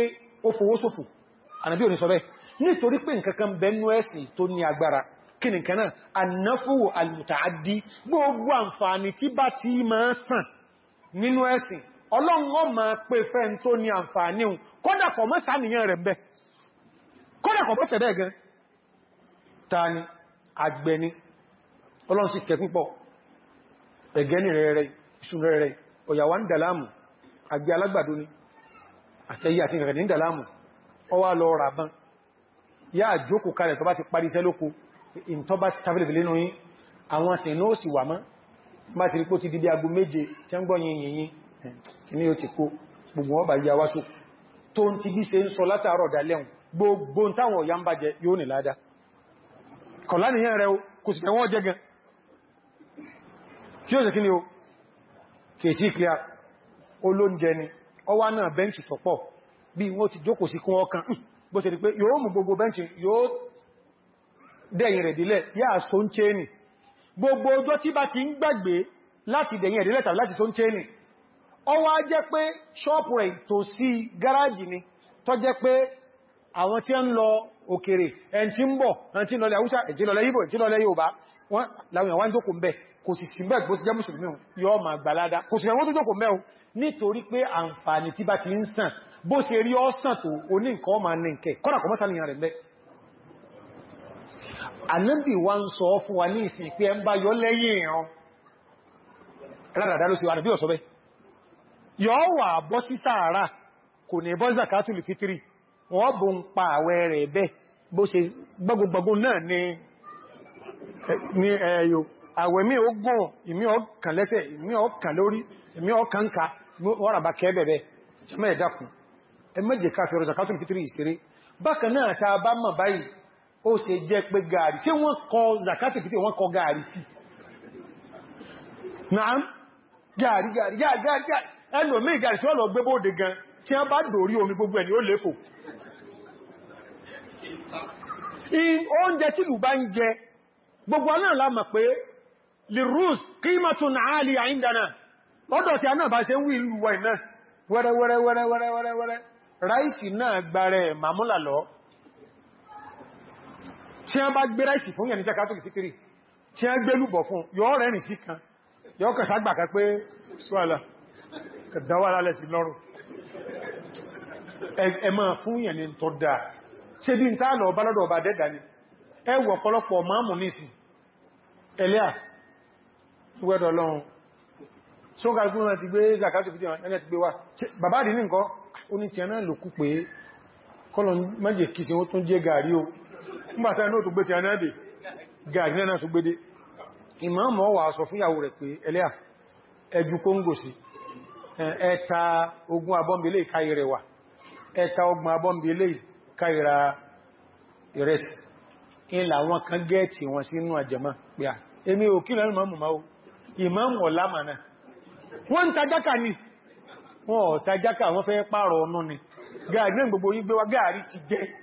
gbogbo àǹfààní tí bá ti máa sàn nínú ẹ̀sìn ọlọ́run ma máa pè fẹ́ tó ní àǹfààní un kódà kò mọ́ sàníyàn rẹ̀ bẹ́ kódà kò mọ́ tẹ̀bẹ́ gan ta ni àgbẹ̀ni ọlọ́run sì kẹ púpọ̀ ẹ̀gẹ́ni rẹ̀rẹ̀ iṣu rẹ̀rẹ̀ ọ̀yàwó ń dàlámù àgbẹ̀ alágbàdo ni àtẹ́yí àti rẹ̀ ní dàlámù ọ wá lọ ràbán yá àjókù kalẹ̀ máa fi ríkó ti dìbí agun méje tí ń gbọ́nyìn yìnyìn ní o ti kó gbogbo ọba yà wáṣò tó ń ti bí ṣe ń sọ látàrọ̀ dalẹ́hùn gbogbo táwọn ọ̀yá ń bá jẹ yóò ní láadá kọ̀lá nìyàn rẹ kò sì tẹ́wọ́n jẹ́ gan kí o sì kí ni o kèjì kí a olóúnjẹ ni ọ wá náà bẹ́ǹkì tọ̀pọ̀ bí wọ́n ti jókòó sí kún ọkàn bó ṣe rí pé yóò mú gbogbo bẹ́ǹkì yóò dẹ̀yìn rẹ̀ dílẹ̀ yáà só ń chéèni gbogbo ọjọ́ tí bá ti ń gbàgbé láti dẹ̀yìn ẹ̀dẹ́lẹ̀ tàbí láti tó ń chẹ́nì ọ wá jẹ́ pé ṣọ́ọ̀pù rẹ̀ tó sí gáràjì ni tó jẹ́ pé àwọn tí ń lọ òkèrè ẹn tí ń bọ̀ ẹn tí lọlẹ̀ Haúsá ẹn tí lọlẹ̀ Ìgbò ẹn tí lọlẹ̀ Yorùbá láwọn ìwá ń jókòó mbẹ̀ kò sì sí mbẹ̀ gbó sí jẹ́ mùsùlùmí yóò máa gbalada kò sì fẹ́wọ́n tó ànábì wa ń sọ fún wa ní ìsìn pé ẹ ń bá yọ lẹ́yìn ìran rádàdá ló sí ànábì ọ̀sọ́ bẹ́ yọ wà bọ́ sí sàárà kò ní bọ́ zakatul fitri wọ́n bó ń pa rẹ̀ bẹ́ bó ṣe náà ni ẹ̀yọ àwẹ̀ mi ó gùn ìmí ọkàn lẹ́sẹ̀ ìmí ọkàn lórí ìmí ọkàn ká wọ́ràbá kẹ́ẹ̀bẹ̀bẹ̀ jẹ́mẹ́ ẹ̀dàkùn ẹ mẹ́jẹ̀ fitri ó ṣe jẹ́ pé gààrí ṣe wọ́n kọ zakati pípẹ́ wọ́n kọ gààrí sí na gààrí gààrí gààrí gààrí mí gààrí tí wọ́n lọ gbé bóde gan tí wọ́n bá dòrí omi gbogbo ẹni ó léfò oúnjẹ tí lù bá ń jẹ gbogbo náà la pé lirus qimatun aliya indana náà bá ṣe màmúlà tí a bá gbé ráìsì fún yẹ̀ ní ṣàkátò ìfitiri tí a gbé lúbọ̀ fún yóò rẹ̀rìn sí kan yóò kà ságbà ká pé ṣọ́ọ̀lá kàdáwàlá lẹ́sì lọ́rùn ẹ máa fún yẹ̀ ní tọ́ dáa ṣe bí n tá lọ bálọ́dọ̀ ọba dẹ́dà ni ẹ wọ̀ pọ̀lọpọ̀ máàmù nísì ẹlẹ́à wẹ́dọ̀ nígbàtà náà tó gbé ti anáàdì gàrí náà tó gbédé ìmáàmù wá sọ fún ìyàwó rẹ̀ pé ẹlẹ́à ẹjú kóngò sí ẹta ogun abọ́mbilé káyẹrẹ wà ẹta ogun abọ́mbilé káyẹra ìrẹsì ilà wọn kan gẹ́ẹ̀tì wọn sí inú àjẹmá pé à èmi ò kí ìmáàmù máa ìmáàmù ọ̀lámànà gbogbo yí gbé wa gàrí ti jẹ́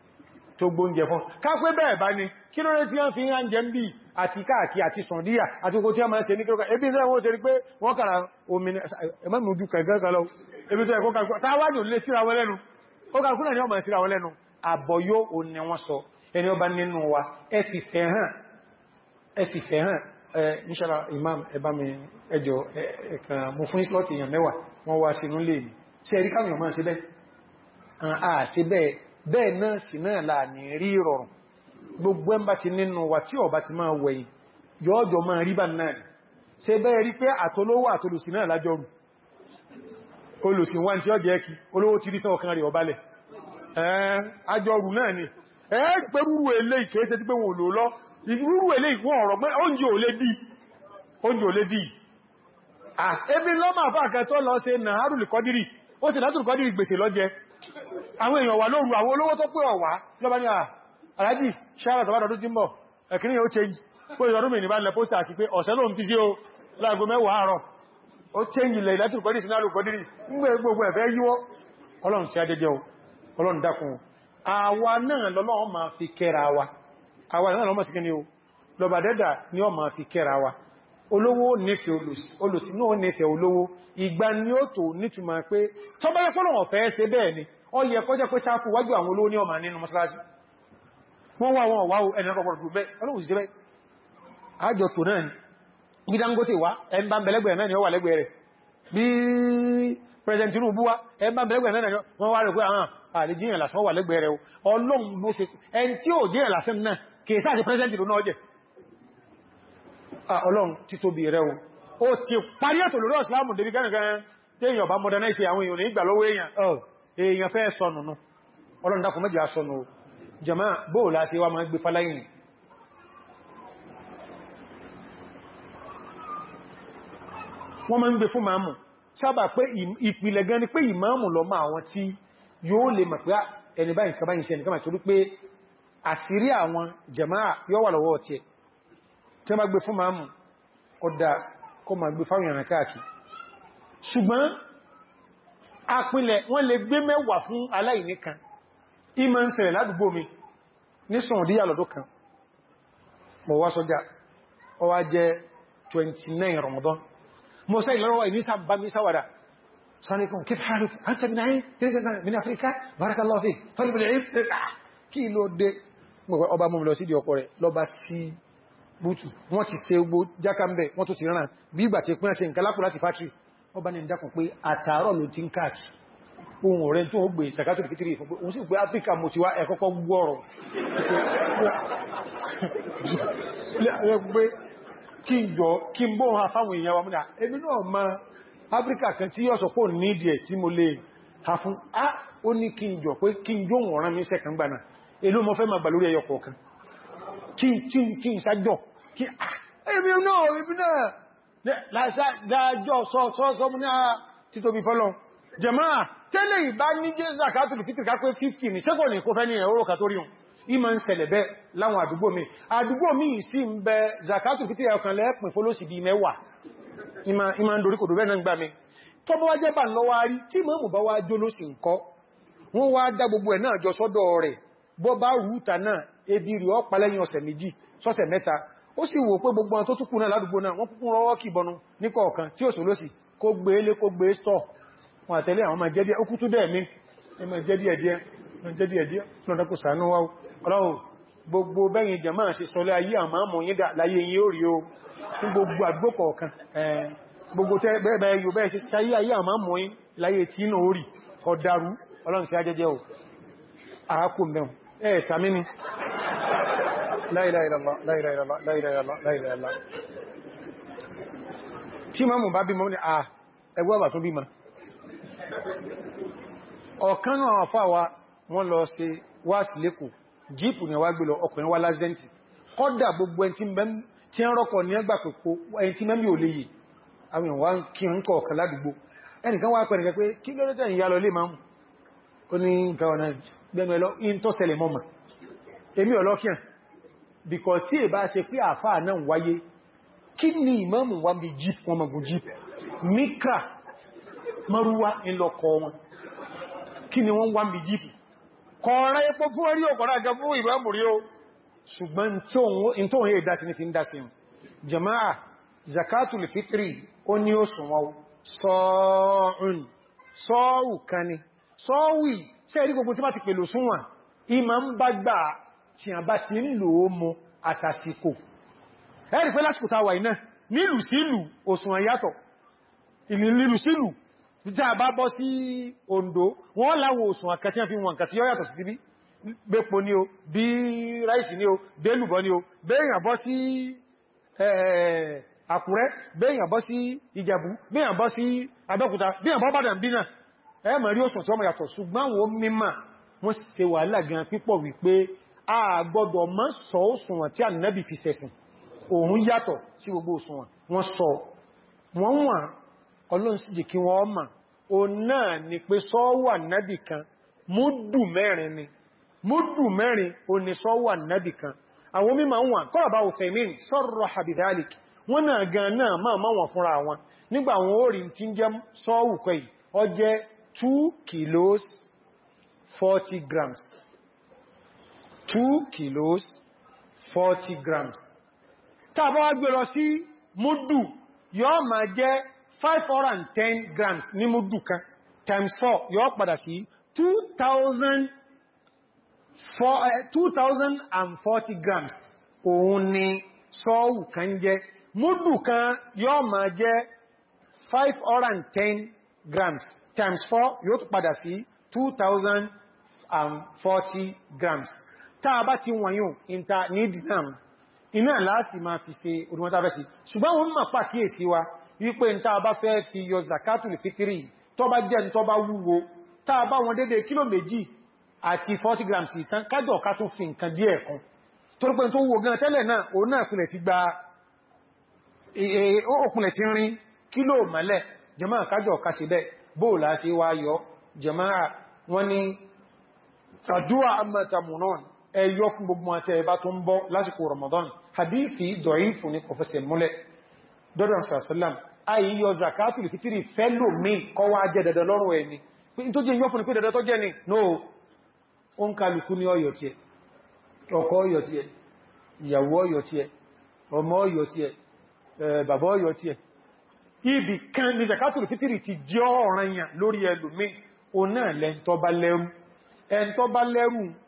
tó gbóúnjẹ fún kápẹ́ bẹ́ẹ̀ bá ní kí ló rẹ̀ tí wọ́n fi ń ránjẹ ń bí àti káàkì àti sọ̀díyà àti ogun tí a máa ṣe ní kílọ́kà ebi ìṣẹ́ wọ́n ṣe rí pé wọ́n kàrà omi ẹmọ́mùdú kẹgẹ́gẹ́lọ́ ebi tó ẹ̀kọ́ kàkọ́ imam ẹba mi ẹjọ ẹ̀kan mo fún ìṣọ́tì èèyàn mẹ́wàá wọ́n wá sínú lè bẹ́ẹ̀ náà sì náà là rí rọrùn gbogbo ẹmbà ti nínú wà tí ọba ti máa wẹ̀yìn yọ́ọ̀jọ́ máa rí bá náà rí ṣe bẹ́ẹ̀ rí pé àtolówó àtolùsìn náà lájọrù olùsìn wá tí dị eki, olówó ti rí tán ọkàn rẹ̀ ọbalẹ̀ àjọrù ni e èlé àwọn èèyàn wà l'óòrùn àwọn olówó tó pé ọ̀wá lọ́bá ní àrájì ṣára tọ́bá dọ̀dún tí ń bọ̀ ẹ̀kìní yóò change pé ìrọ̀rùn mìí bá lẹ pósítà àti pé ọ̀sẹ̀ lóòrùn tí sí o láàgbó mẹ́wàá àárọ̀ ó change ilẹ̀ gbogbo olówó nífẹ̀ẹ́ olòsì náà nífẹ̀ẹ́ olówó ìgbà ni ó tó nítumọ̀ pé tó bá yẹ pọ́lọ̀ ọ̀fẹ́ ṣe bẹ́ẹ̀ ni ó yẹ kó jẹ́ pé sáàpù wájú àwọn olówó ní ọmọ nínú mọ́sálásí wọ́n wá wọn wáwó ẹni rọ̀pọ̀lọpọ̀ ẹni tí ó jẹ́ ìlàsẹ́ náà kìí sáà sí president ìlú náà jẹ́ Ah, ọlọ́run ti tóbi rẹ̀ o ó ti parí ètò lórí ọ̀sìláàmù débi gánigán tí èyàn bá modernize àwọn èèyàn nígbà lọ́wọ́ èèyàn oh. èèyàn fẹ́ sọnù nù ọlọ́run dákùn méjì asọnù o jama bóò láti wá máa gbé fáláyìn wọ́n máa ń gbé fún máàmù sábà pé ìpìlẹ̀ gan ni pé ìmáàmù lọ máa àwọn tí yóò lè mọ̀ pé ah, ẹni báyìí kàbáyìí sí ẹni kàbáyìí torí pé àṣírí àwọn jama yóò wà lọ́wọ́ ọ̀tí ẹ̀ tí ma gbé fún máa mú ọ̀dá kó ma gbé fáwọn ìrìnà káàkiri ṣùgbọ́n apínlẹ̀ wọ́n lè gbé mẹ́wàá fún aláìní kan ìmọ̀ ń ṣẹlẹ̀ ládùúgbò mi ní sọ̀rọ̀díyà lọ́dún kan mọ̀ wá sọ́jà ó wá jẹ́ 29 Ramadan mo sẹ́ ìlọ́rọ̀wà ìnísà bá mi sáwàdà sọ́nìkún kí fàárùkù àti ẹ̀mìnà ayé ní bútù wọ́n ti ṣe gbogbo jákà ń bẹ̀ wọ́n tó ti rán bí ìgbà tí pín ẹsẹ̀ nǹkan lápò láti fátírì ọba ní ìdákùn pé àtàárọ̀ ló ti ń káàkì ohun ọ̀rẹ́ tó gbé ìsàkátò fítírì ìfọ́gbé sì pé áfíríkà mo ti wá ẹ̀kọ́kọ́ gbọ́rọ̀ kí n jọ kí n bóhun àfáwọn èèyàn ma áfíríkà kan tí kí èmi náà ibi náà láàájọ́ sọ́ọ̀sọ́ mú ní a ah, títóbi fọ́lọ́ jẹ̀máà tẹ́lẹ̀ ìbá ní jésà kátùlù títì ká pé 50 ní sẹ́kọ̀ ní kó fẹ́ ní ẹ̀rọ kàtóríùn ìmọ̀ ń ṣẹlẹ̀ bẹ́ láwọn àdúgbò mi àdúgbò mi sí ń bẹ zakatu fitri ọ̀kan lẹ́ẹ̀pìn fólósì bí mẹ́wàá ìmọ̀ ń dorí kòdó bẹ́ẹ̀ náà gbà mi tó bọ́ wá jẹ́ bà lọ wá rí tí mọ́mù bá wá ó sì wò pé gbogbo àwọn tó túnkù náà ládùgbò náà wọ́n kúkú rọwọ́ kì bọnu ní kọ̀ọ̀kan tí ó sòlósì kó gbé ilé kó gbé stọ̀ wọn àtẹ́lẹ̀ àwọn máa jẹ́díẹ̀ ó kú tó dẹ̀ mí ẹmọ jẹ́díẹ̀díẹ̀ lọ́dọ́kù sàánú wá ọlọ́run gbogbo bẹ́yìn jẹ́mọ́ àṣẹ sọlé ayé àmọ́ àmọ́ yín dà láyé yín ó rí o ní gbogbo àgbò kọ̀ọ̀kan gbogbo tẹ́ la ilaha illallah la ilaha illallah la ilaha illallah la ilaha illallah tí mọ́mù bá bímọ ní à ẹgbẹ́ ọba tó bímọ ọ̀kan náà àfáà wa wọ́n lọ sí wáàsì lẹ́kù jíìpù ni wá gbé lọ ọkùnrin wá lásìdẹ́ntì kọ́dà gbogbo ẹni tí ń rọ́kọ̀ ní ẹgbà pẹ̀pọ̀ ẹni tí mẹ́mí ò lè yìí àwọn ìwà kí ń kọ̀ ọ̀kan ládùgbò ẹnìkan wá pẹ̀ nìkan pé kí ló rẹ́tẹ̀ ìyá lọ bìkọ̀ tí è bá ṣe pé àfáà náà wáyé kí ni ìmáàmù wá bí jíp wọn mọ̀gùn jíp mikra maruwa ìlọ́kọ̀ wọn kí ni wọ́n wá bí jíp kọ̀ọ̀rá epo fún orí ọkọ̀rá ga fún o ṣùgbọ́n tó jama'a zakatul fitri ó ní ó sùn wọ́n sọ́ọ̀rùn sọ́ọ̀rù kan ni sọ́ọ̀wì sẹ́ẹ̀rí gbogbo ń bá gbà tí a bá ti ń lò ó mú àtàsìkò ẹ̀rì pé lásìkò tàwà iná nílù sílù òsùn àyàtọ̀ ìlú sílù títà bá bọ́ sí Oǹdó wọ́n láwọn òsùn àkàtí àfi wọn àkàtí yọ́ yàtọ̀ sí ti bí gbépo ní o bí ráìsì ní o bélùbọ́ ní o béèyàn bọ́ sí Àkúrẹ́ béèyàn bọ́ sí Ìjẹ̀bú béèyàn bọ́ sí Abẹ́òkúta béèyàn bọ́ bàdàn bí náà ẹ̀mọ̀ rí òsùn a gbọ́dọ̀ mọ́ sọ òsùnwọ̀n tí ànábì fi sẹ̀sìn òun yàtọ̀ sí gbogbo òsùnwọ̀n wọ́n sọ wọ́n wà ọlọ́run kí wọ́n o náà ni pé kan múdù mẹ́rin ni múdù mẹ́rin o ni sọ́wà kan àwọn mímọ̀ wọn kọ́rọ̀bá òfèmín sọ́rọ̀ habidalik wọ́n náà gan náà máa máa wọn fúnra wọn nígbà wọn ó rí tí ń jẹ́ kọ́ yìí 2 40 grams 2 kilos 40 grams tàbá gbé lọ sí múdù yóò máa jẹ́ 510 grams ní múdù kan times 4 yóò padà sí 2000 For, uh, 2040 grams òun ni sọ́ọ̀wù kan jẹ́ múdù kan yóò máa jẹ́ 510 grams times 4 yóò padà sí 2040 grams táa bá ti wọ̀nyún ìta ní dìtàm iná láàsì máa fi ṣe oníwọ́ta fẹ́ sí ṣùgbọ́n wọ́n mọ̀ pàkíyèsí wa wípé ìta bá fẹ́ fi yọ zakatul fitri tó bá jẹ́ tó bá wúwo táa bá wọn dédé kílò méjì àti 40 grams ìtàn kájọ̀ ká tún fi nǹkan díẹ̀ kan torí pé tó wúwo gan tẹ́lẹ̀ náà òun náà kùnlẹ̀ ti gba òkùnlẹ̀ e, e, ti rin kílò mọ́lẹ̀ jàmáà kájọ̀ ká ṣe bẹ́ẹ̀ bóòlá ẹyọ fún gbogbo àti ẹ̀bá tó ń bọ́ lásìkò Ramadan hadithi dọ̀ífù ní kọfẹsẹ̀ múlẹ̀ dọ́dọ̀n sàásàlám ayíyọ zakatul fitiri fẹ́lò mi kọwa jẹ́ dandan lọ́rùn ẹni tó jẹ́ yọ fún pé dandan tó jẹ́ ni no o ń kàlùkù ní ọyọ̀ tí ẹ ọkọ ọyọ̀ tí ẹ ìyàwó ọyọ̀ tí ẹ ọmọ ọyọ̀ tí ibi kan ni zakatul fitiri ti jẹ́ ọ̀ranyàn lórí ẹlòmí o náà lẹ́ntọ́ bá lẹ́rù ẹ̀ntọ́ bá lẹ́rù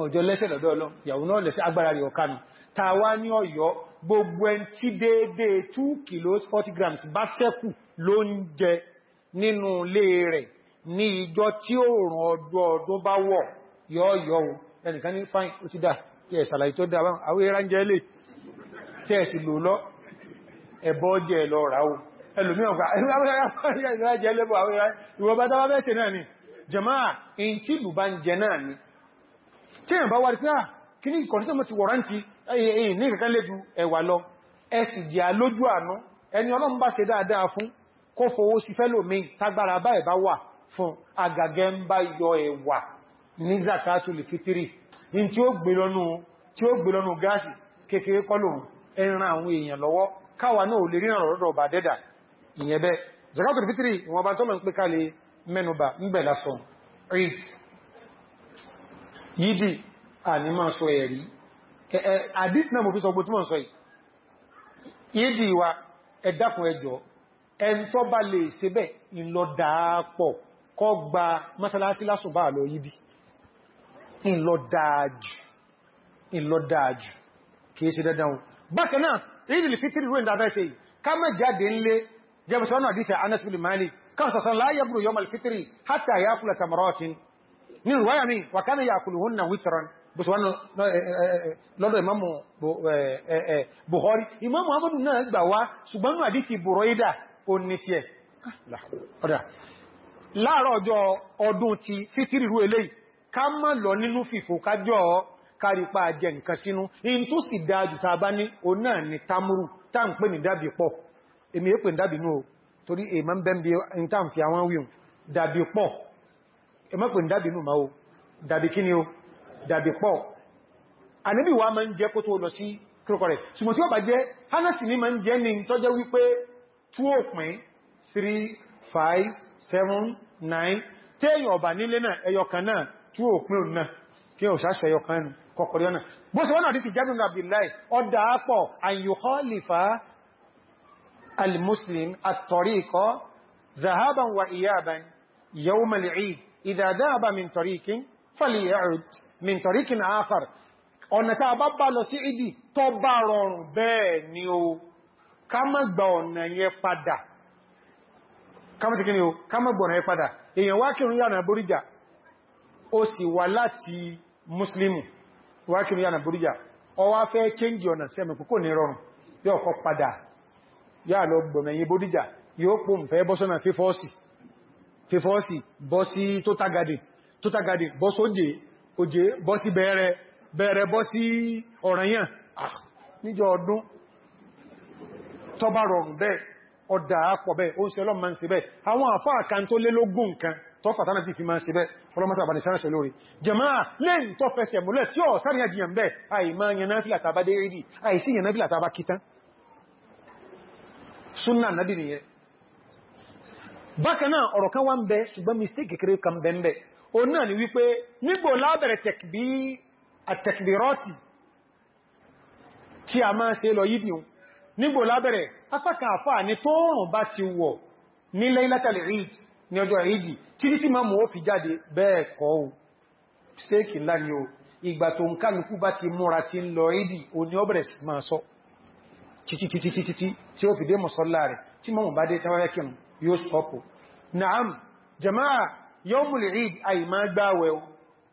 ọjọ́ lẹ́sẹ̀ lọ́dọ̀ ọlọ́ ìyàwó náà lẹ́sẹ̀ agbára rẹ̀ ọ̀kanu ta wá ní ọ̀yọ́ gbogbo ẹn tí déédé 2 kilos 40 grams bá sẹ́kù ló ń jẹ nínú ilé rẹ̀ ní ìjọ tí òòrùn ọdún ọdún bá wọ̀ yọ́ọ̀yọ́ ẹnìkan ní fáìn ó ti dà tí ẹ̀ sàlàyé tó dáa àwọn eré ránjẹ́ lè tí ẹ̀ sì lò lọ ẹ̀bọ́ jẹ́ lọ rà ó ẹlòmíràn ká ìwọ̀n bá tábá bẹ́ẹ̀ sí náà ni jàmáà in tí ìlú bá ń jẹ náà ni tí èyàn bá wà rí pé à ah, kí ní ìkọ̀dísọ̀ mọ́ ti wọ̀rántí èyìn ní ìkẹ́kẹ́ lẹ́jú ẹ̀wà lọ ẹ̀sì jẹ́ alójú àánú ẹni ọlọ́run bá ṣe dáadáa fún kó fowó sí fẹ́lò mi tágbára bá ẹ̀bá wà fún agagẹ́ ń bá yọ ẹ̀wà ní zakatul fitiri in tí ó gbé lọ́nu tí ó gbé lọ́nu mẹ́nubà ń bẹ̀ lásán yídì àní máa sọ ẹ̀rí àdís náà mo fi sọ gbogbo tí mọ̀ sọ yídì wa ẹ̀dàkùn ẹjọ́ ẹntọ́ bá lè ṣe bẹ́ ìlọ́dàápọ̀ kọ́ gba mọ́sálásí lásùn bá lọ yídì ìlọ́dàájù ìlọ́dàájù kìí ṣe dandan bákan náà fitiri ruin dáadáa ṣe yìí ká mẹ́ jáde ńlé jẹ́bùsọ́nà àdísẹ̀ Anas bin Malik kan sọ̀sán láyé bùrù yọmọ fitiri hátà yá fúlẹ̀ tamarotin ní ìrùwáyà mi wà ká ní yàkùlù hún na wítran bó sọ́wọ́n eh, eh, eh, lọ́dọ̀ imamu buhari imamu Ahmadu náà gbà wá ṣùgbọ́n ní àdíkì Buraida ó ní tí ẹ̀ láàárọ̀ ọjọ́ ọdún ti fítírì rú eléyìí ká má lọ nínú fìfò kájọ́ kárípa jẹ nǹkan sínú in tó sì dájú ta bá ní o náà ni tamuru tá ń pè ní dábì pọ̀ èmi èpè dábì náà torí èèmọ́ bẹ́m̀bẹ̀ in tá ń fi àwọn wíhùn dábì pọ̀ ẹ má pè ń dàbí nù máa o dàbí kí ni o dàbí pọ̀ ànábì wa máa ń jẹ kó tó lọ sí kírókọ rẹ̀ ṣùgbọ́n tí ó bá jẹ́ hannasi ní máa ń jẹ́ ní tọ́jẹ́ wípé tú òpin 3 5 7 9 téèyàn ọ̀bà nílé náà ẹyọkan náà tú òpin òun náà kí إذا ذهب من طريق فليعد من طريق آخر ọ̀nà tá a bá bá lọ sí ìdí tó bá rọrùn bẹ́ẹ̀ ni o ká mọ́ ọ̀nà yẹn padà o ká ọ̀nà yẹn padà èèyàn wá o boríjà ó sì wà láti muslimu boríjà wá fẹ́ change ọ̀nà sẹ́mi kò ní fífọ́ọ̀sì bọ́ sí total garden total garden bọ́ oje bọ́ sí bẹ̀rẹ̀ bẹ̀rẹ̀ bọ́ sí ọ̀ranyàn ah, níjọ ọdún tọ́bà rọrùn bẹ́ẹ̀ ọdá àpọ̀ bẹ́ẹ̀ ó ń ṣe ọlọ́mọ máa ń ṣe bẹ́ẹ̀ àwọn àfáà kan tó lé lógún nǹkan tọ́fàtánà ti fi máa ń ṣe bẹ́ẹ̀ ọlọ́mọsà bá ní sáàṣẹ́ lórí jẹmáà lẹ́yìn tó fẹsẹ̀ múlẹ̀ tí ó sáàrin bákanáà ọ̀rọ̀ kan wá ń bẹ ṣùgbọ́n mistake kékeré kan bẹ ń bẹ o náà ni wípé nígbò lábẹ̀rẹ̀ àtẹ̀kìbìrọ́tì tí a máa ṣe lọ yídìí nígbò lábẹ̀rẹ̀ afákàáfà ní tóòrùn bá ti wọ̀ ní lẹ́ilátàlẹ̀ ríjì mọ̀ mistake ńlá ni o ìgbà tó ń kálukú bá ti múra ti ń lọ ríjì o ní ọbẹ̀rẹ̀ máa sọ títí dé mọ̀sọ́lá rẹ̀ yóò sọ́pù na'am jama'a yawmul eid àì máa gbáwẹ̀ o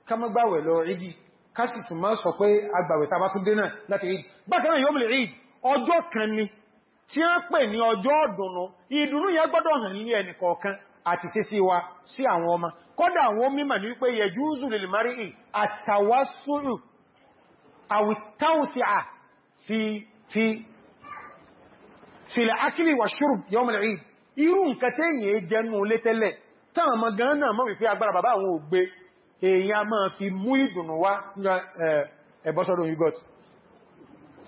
ká má gbáwẹ̀ lọ ìdí ká sì tún máa sọ pé agbàwẹ̀ tàbá tún dé náà láti ìdí bákan náà yawmul eid ọjọ́ kan ni tí a ń pè ní ọjọ́ ọ̀dùnnú ìdùnnú yẹn gbọ́dọ̀ hàn ní ẹnì kọ̀ọ̀kan àti sí sí wa sí àwọn ọmọ kọ́dà àwọn mímọ̀ ní wípé yẹjúúzù lè mari ì àtàwásúrù àwìtáwùsí à fi fi fi lè ákìlì wà ṣúrù yawmul eid irú nǹkan tí èyàn jẹnu olé tẹ́lẹ̀ táwọn ọmọ gan náà mọ́ wípé agbára bàbá àwọn ògbé èyàn máa fi mú ìdùnnú wá ẹ̀bọ́sọ́dún yugot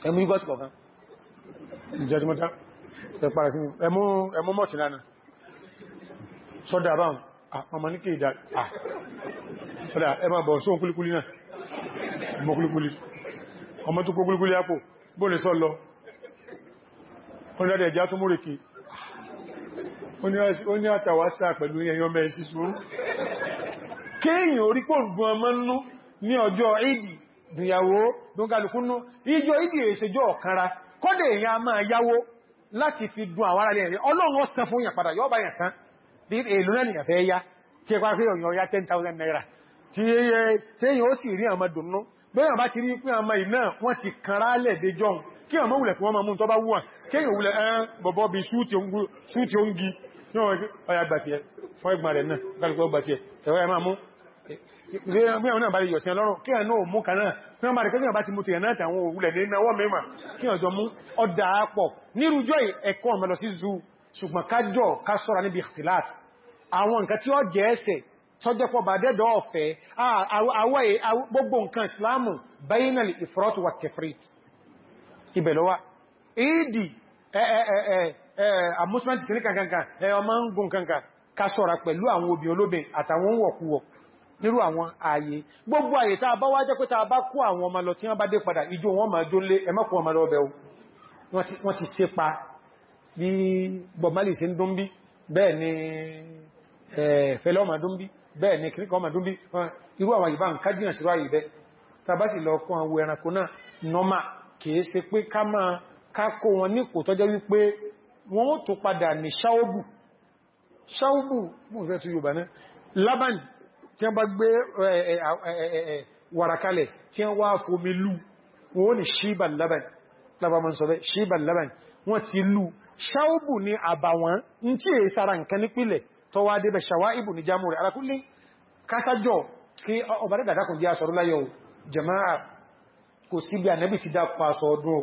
ẹmú yugot kọ̀kan jẹjúmọ́ta ẹ̀pàrà sí ẹmú mọ́tí lánà sọ́dà báhùn ọmọ ní kìí sọ́dà ẹmà bọ̀ sóhun kúlíkúlí náà tó kó kúlíkúlí ápò bóòlẹ̀ sọ́ lọ ọlọ́dẹ̀ ìjá tó múrèkì ó ní àtàwásá pẹ̀lú ẹyàn mẹ́sí sùúrù kéèyàn orí pò gùn ọmọ nú ní ọjọ́ ìdì dìyàwó dúnkàlùkúnnú ìjọ ìdì èṣèjọ́ ọ̀kanra kọ́dẹ̀ èyàn a máa yáwó láti fi dùn àwárà lẹ́yìn ọlọ́run ọ̀sán fún yàn padà yọ́bá yàn sán bí èlò náà naira tí èyàn ó sì rí àmà dùnnú bẹ́yàn bá ti rí pín àmà ìná wọ́n ti kanra lẹ̀ déjọ́ kí ọmọ wùlẹ̀ fún ọmọ mú tọ́ bá wùwà kéyàn wùlẹ̀ ẹn bọ̀bọ̀ bí súùtì ó náà wọ́n ọya gbàtí ẹ fún ẹgbà rẹ̀ náà gbàlùkọ́ gbàtí ẹ ẹ̀wọ́ ẹ̀ máa mú bí àwọn náà bá lè yọ̀ sí ọlọ́run kí ẹ̀ náà mú kanáà kí wọ́n bá rẹ̀ kẹ́kẹ́ bá ti mú tèèyàn náà tàwọn òwúlẹ̀ ní náwọ́ mẹ́mà kí ọjọ́ mú ọdá pọ̀ nírújọ́ ẹ̀kọ́ ọmọ lọ sí zoo ṣùgbọ́n kájọ́ ká sọ́ra níbi ìtìláàt àwọn nǹkan tí ó jẹ́ ẹsẹ̀ tọ́jẹ́pọ̀ bá dẹ́dọ̀ ọ̀fẹ́ gbogbo nǹkan islamu bainal ifrot wa tefrit ibẹ̀ lọ́wà ìdí amusement kìní kankankan ọmọ ń gùn kankan ká ṣọ́ra pẹ̀lú àwọn obì olóbin àtàwọn wọ̀kúwọ̀ nírú àwọn ààyè gbogbo ààyè tàà bá wájẹ́ pé tàà bá kó àwọn ọmọ lọ tí wọ́n bá dé padà ìjọ wọn máa jó lé ẹmọ́kùn ọmọ lọ wọ́n ti sé pa bí Bob Marley dún bí bẹ́ẹ̀ ni fẹ́lẹ́ ọmọ dún bí bẹ́ẹ̀ ni kìríkọ ọmọ dún bí irú àwọn ìbá ń kájìnà sí ráyìí bẹ́ tàbá sì lọ kún àwọn ẹranko náà nọ́mà kìí ṣe pé wọ́n ó tó padà ní ṣáóbù ṣáóbù mún fẹ́ tó yóò bá náà laban tí wọ́n bá gbé wàrakalẹ̀ tí wọ́n wá fomi lú wọ́n ó ní ṣíbàn laban labaman sọ bẹ́ ṣíbàn laban wọ́n ti lú ṣáóbù ní àbàwọ́n ní tí èyí sára nǹkan nípìlẹ̀ tó wá débẹ̀ ṣàwáìbù ní jámù rẹ̀ alákúnlé kásájọ́ kí ọba dẹ́dà dákùn jẹ́ aṣọ́rọ̀ láyọ̀ jama'a kò sí bí ànẹ́bì ti dákùn aṣọ ọdún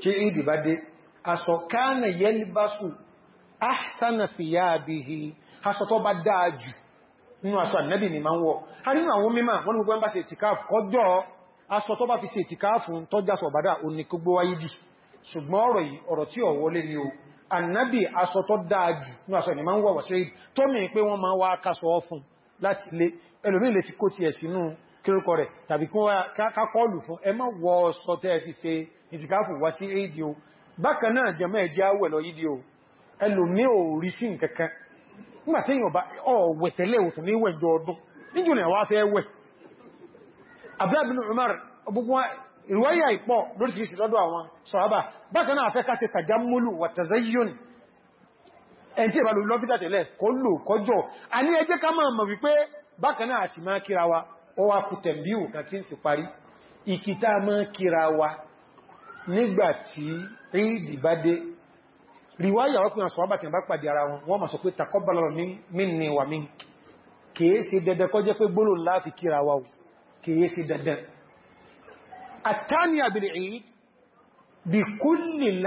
kí ìdìbá aṣọ kánà yẹlbásù ahsana thiyabihi aṣọ tó bá dáájù nínú aṣọ ànábì ni máa ń wọ̀ arínú àwọn mímọ̀ wọ́n gbogbo ń bá ṣe ìtìkáàfù kọjọ́ aṣọ tó bá fi ṣe ìtìkáàfù tó jásọ bàdá òní gbogbo wáyé dì ṣùgbọ́n ọ̀rọ̀ yìí ọ̀rọ̀ tí ó wọlé ni o ànábì aṣọ tó dáájù nínú aṣọ ni máa ń wọ̀ wọ̀ṣẹ́ tó mìí pé wọ́n máa wá kaṣọ ọfún láti lé ẹlòmí lè ti kó ti ẹ̀ sínú kírúkọ rẹ̀ tàbí kí wọ́n kákọ́ọ̀lù fún ẹ má ọ̀ṣọ́ tẹ́ fi ṣe ìtìkáàfù wá sí éèdì o bákan náà jẹmọ́ ẹ̀jẹ́ awẹ̀ lọ yídi o ẹlòmí ò rí sí nkankan nígbàtí èyàn bá ọ̀wẹ̀ tẹ́lẹ̀ òtún ní wẹ̀jọ ọdún níjò ní àwáfẹ́ ẹwẹ̀ Umar gbogbo ìrúwáyà ìpọ̀ lóríṣìíṣìí lọ́dọ̀ fẹ́ ká ṣe tajammulu wa tazayyun ẹn tí ìbálò lọ́bítà tẹ́lẹ̀ kó lò kọjọ́ a ní ẹjẹ́ ká máa mọ̀ wípé bákan náà a sì wa ọwà kùtẹ̀mbíù kan tí ń ti parí kíra wa nígbàtí ìdì bá dé ríwáyà ọkùnrin àṣọ́wábà tí a bá pàdé ara wọn wọ́n ma sọ pé takọ́bàlọ́rọ̀ mí ní wà mí kìí ṣe dandan kọ́ jẹ́ pé gbólò láti kíra wa kìí ṣe dandan àtàní àbìrì ìd bí kúlì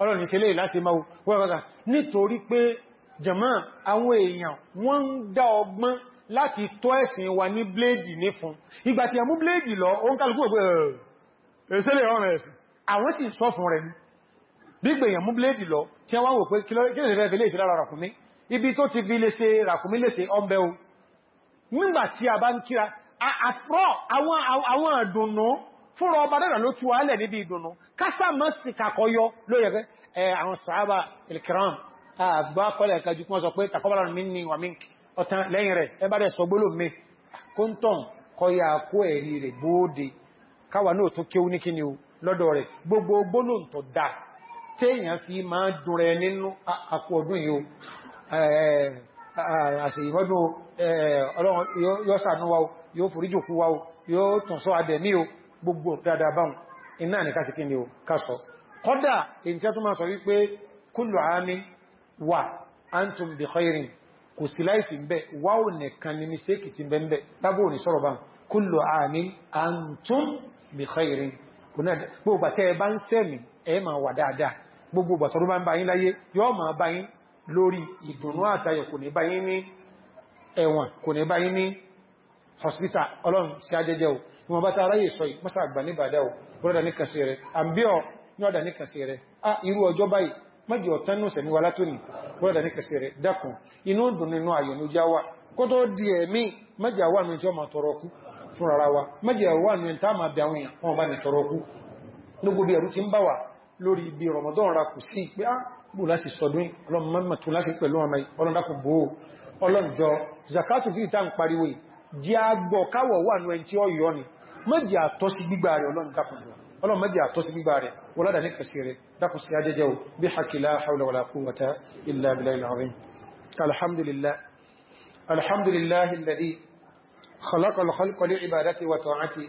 ọlọ́run ìṣẹ́lẹ̀ láti máa wọ́gbàgbà nítorí pé jẹ̀mọ́ àwọn èèyàn wọ́n ń dá ọgbọ́n láti tọ́ ẹ̀sìn wa ní bléèdì ní fún ìgbà tí a mú bléèdì lọ o ń kálùkù ẹgbẹ́ ẹ̀ṣẹ́lẹ̀ ọ̀rọ̀ ẹ̀sìn àwọn sì sọ fún rẹ̀ gbígbẹ̀ èèyàn mú bléèdì lọ tí wọ́n wò pé kí lọ́rẹ̀ ibi tó ti fi léṣe ràkúnmí léṣe ọmọbẹ̀ o nígbà tí a bá ń kíra àfúrọ̀ àwọn àdùnnú fúnra ọba dẹ́rẹ̀ ló kásà mọ́ sí kàkọyọ lórí ẹ̀kẹ́ àwọn sàábà ìlkìrán àgbákọlẹ̀ ẹ̀kàjú kún sọ pé tàkọ́bàlá mi ní wà mí ọ̀tán lẹ́yìn rẹ̀ ẹbá rẹ̀ sọ gbóló mi kóntọ̀n kọya kó ẹ̀rí rẹ̀ gbóòdè káwà náà tó kéwú ní kíni o lọ́dọ̀ rẹ̀ gbogbo gbóló tó wa yóò yóò tàn sọ adẹ̀mí o gbogbo dáadáa báhùn iná ní kásìkí ni ó kásọ̀ kọ́dà èyí tí a tún máa sọ wípé kullu amin wà antum bi khairin kò sí láìfì ń bẹ́ wáwò nìkan ni mistake ti bẹ́ ń bẹ́ lábò ní sọ́rọ̀ bá kullu amin antum bi khairin gbogbo tẹ́ ẹ hospital ọlọ́run sí ajẹ́jẹ́ o wọn bá tààrà yìí sọ mọ́sá àgbà ní bàdá o brọ́dà ní kàṣẹ rẹ̀ àbíọ̀ ní ọ̀dà ní kàṣẹ rẹ̀ a irú ọjọ́ báyìí mọ́jì ọ̀tánú sẹ̀mí wa látòní brọ́dà ní kàṣẹ rẹ̀ dákun inú dùn nínú ayọ̀ ló já wa kọ́tọ́ di ẹ̀mí mọ́jì àwọn àmì tí ó máa tọrọ kú fún rárá wa mọ́jì àwọn ah, ọlọ́run jọ zakatu fi ìta ń pariwo yìí jẹ́ agbọ̀ káwọ̀ wà ní ẹni tí ó yọ ni mẹ́jì àtọ́ sí gbígbà rẹ̀ ọlọ́run mẹ́jì àtọ́ sí gbígbà rẹ̀ wọ́lọ́dà ní kẹsì rẹ̀ dákùn sí ajẹ́jẹ́ o bí hakila haula wala quwwata illa billahi al-azim alhamdulillah alhamdulillah alladhi khalaqa al-khalqa li ibadati wa ta'ati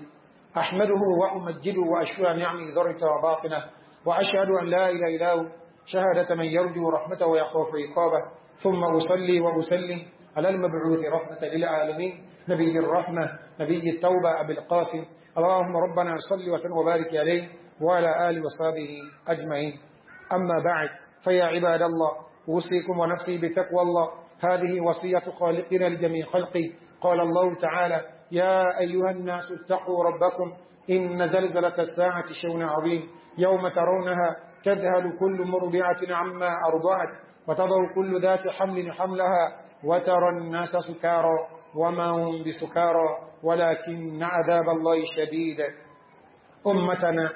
ahmaduhu wa umajjiduhu wa ashkuru ni'amahu zahiratan wa batinatan wa ashhadu an la ilaha illa huwa shahadatan man yarju rahmatahu wa yakhafu iqabahu thumma usalli wa usallim ala al-mab'uth rahmatan lil alamin نبي الرحمة نبي التوبة أبي القاسم اللهم ربنا صل وسلم وبارك عليه وعلى آله وصحبه أجمعين أما بعد فيا عباد الله أوصيكم ونفسي بتقوى الله هذه وصية خالقنا لجميع خلقه قال الله تعالى يا أيها الناس اتقوا ربكم إن زلزلة الساعة شون عظيم يوم ترونها تذهل كل مرضعة عما أرضعت وتضع كل ذات حمل حملها وترى الناس سكارا وما هم بسكارى ولكن عذاب الله شديد أمتنا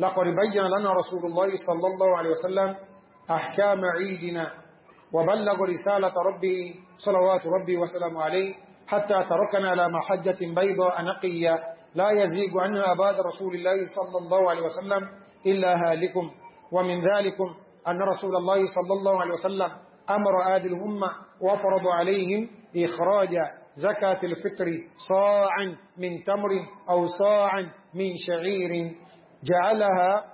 لقد بين لنا رسول الله صلى الله عليه وسلم أحكام عيدنا وبلغ رسالة ربه صلوات ربي وسلم عليه حتى تركنا على محجة بيضاء نقية لا يزيغ عنها أباد رسول الله صلى الله عليه وسلم إلا هالكم ومن ذلكم أن رسول الله صلى الله عليه وسلم أمر آدل الأمة وفرض عليهم إخراج زكاة الفطر صاعا من تمر أو صاعا من شعير جعلها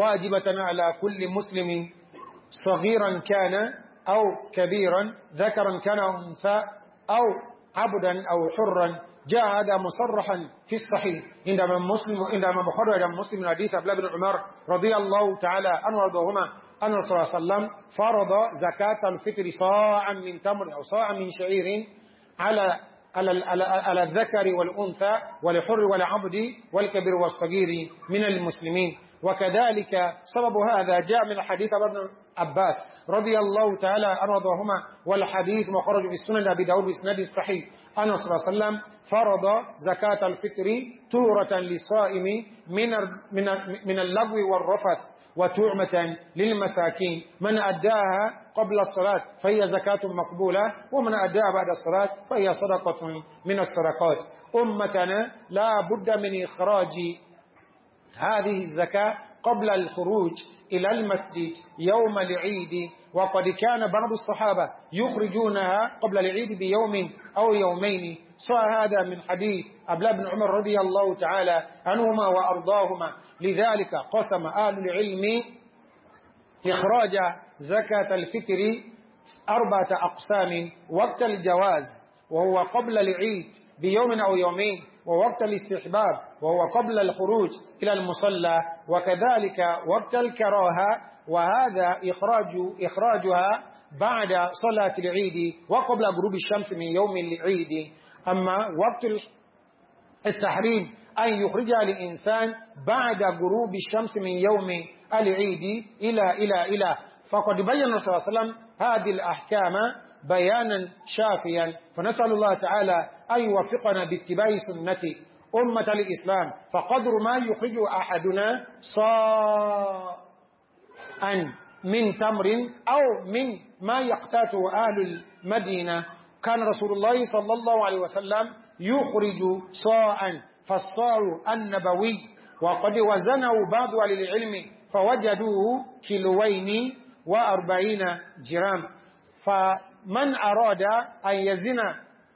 واجبة على كل مسلم صغيرا كان أو كبيرا ذكرا كان أنثى أو عبدا أو حرا جاء هذا مصرحا في الصحيح عندما مسلم عندما مخرج مسلم من حديث عبد بن عمر رضي الله تعالى عنه وارضاهما أن الرسول صلى الله عليه وسلم فرض زكاة الفطر صاعا من تمر أو صاعا من شعير على على على الذكر والأنثى ولحر ولعبد والكبير والصغير من المسلمين وكذلك سبب هذا جاء من حديث ابن عباس رضي الله تعالى عنهما والحديث مخرج في السنن أبي داود بإسناد الصحيح أن صلى الله عليه وسلم فرض زكاة الفطر تورة للصائم من من من اللغو والرفث وتعمة للمساكين من أداها قبل الصلاة فهي زكاة مقبولة ومن أداء بعد الصلاة فهي صدقة من الصدقات أمتنا لا بد من إخراج هذه الزكاة قبل الخروج إلى المسجد يوم العيد وقد كان بعض الصحابة يخرجونها قبل العيد بيوم أو يومين صار هذا من حديث أبلا بن عمر رضي الله تعالى عنهما وأرضاهما لذلك قسم آل العلم إخراج زكاة الفطر أربعة أقسام وقت الجواز وهو قبل العيد بيوم أو يومين ووقت الاستحباب وهو قبل الخروج إلى المصلى وكذلك وقت الكراهة وهذا إخراج إخراجها بعد صلاة العيد وقبل غروب الشمس من يوم العيد أما وقت التحريم أن يخرجها الإنسان بعد غروب الشمس من يوم العيد إلى إلى إلى فقد بين الرسول صلى الله عليه وسلم هذه الأحكام بيانا شافيا فنسأل الله تعالى أن يوفقنا باتباع سنة أمة الإسلام فقدر ما يخرج أحدنا صاء من تمر أو من ما يقتاته أهل المدينة كان رسول الله صلى الله عليه وسلم يخرج صاء فالصار النبوي وقد وزنوا بعض أهل العلم فوجدوه كيلوين وأربعين جرام فمن أراد أن يزن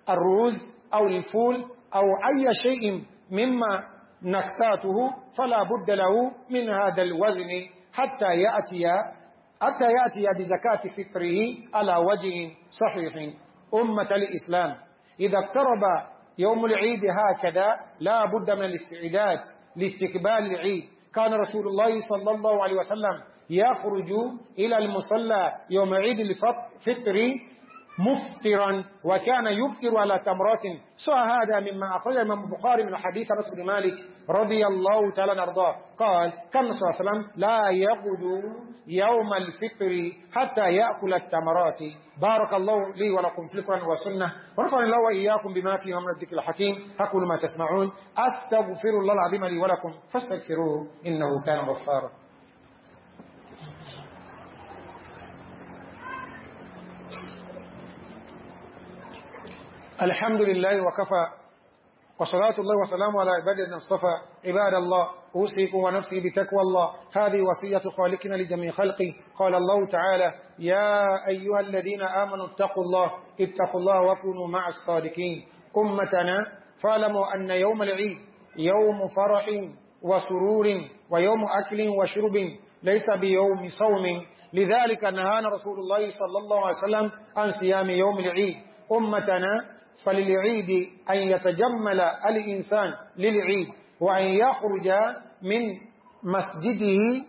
الروز أو الفول أو أي شيء مما نكتاته فلا بد له من هذا الوزن حتى يأتي حتى يأتي بزكاة فطره على وجه صحيح أمة الإسلام إذا اقترب يوم العيد هكذا لا بد من الاستعداد لاستقبال العيد كان رسول الله صلى الله عليه وسلم يخرج إلى المصلى يوم عيد الفطر مفطرا وكان يفطر على تمرات سوى هذا مما أخرج من البخاري من حديث رسول مالك رضي الله تعالى نرضاه قال كان صلى الله عليه وسلم لا يغدو يوم الفطر حتى يأكل التمرات بارك الله لي ولكم في القرآن والسنة ونفعل الله وإياكم بما فيه من الذكر الحكيم أقول ما تسمعون أستغفر الله العظيم لي ولكم فاستغفروه إنه كان غفارا الحمد لله وكفى وصلاة الله وسلامه على عباده الذين اصطفى عباد الله أوصيكم ونفسي بتقوى الله هذه وصية خالقنا لجميع خلقه قال الله تعالى يا أيها الذين آمنوا اتقوا الله اتقوا الله وكونوا مع الصادقين أمتنا فاعلموا أن يوم العيد يوم فرح وسرور ويوم أكل وشرب ليس بيوم صوم لذلك نهانا رسول الله صلى الله عليه وسلم عن صيام يوم العيد أمتنا فللعيد أن يتجمل الإنسان للعيد وأن يخرج من مسجده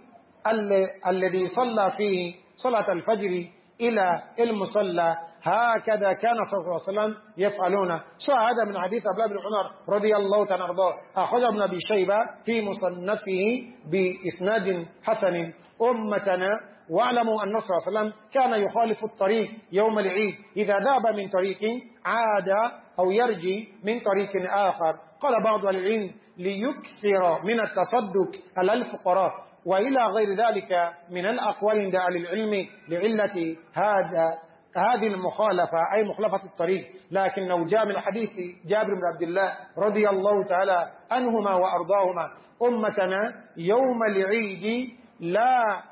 الذي صلى فيه صلاة الفجر إلى المصلى هكذا كان صلى الله عليه وسلم يفعلون شاهد من حديث عبد الله بن عمر رضي الله تعالى عنه أخذ ابن أبي شيبة في مصنفه بإسناد حسن أمتنا واعلموا أن صلى الله عليه وسلم كان يخالف الطريق يوم العيد إذا ذهب من طريق عاد أو يرجي من طريق آخر قال بعض العلم ليكثر من التصدق على الفقراء وإلى غير ذلك من الأقوال عند أهل العلم لعلة هذا هذه المخالفة أي مخالفة الطريق لكن لو جاء من حديث جابر بن عبد الله رضي الله تعالى أنهما وأرضاهما أمتنا يوم العيد لا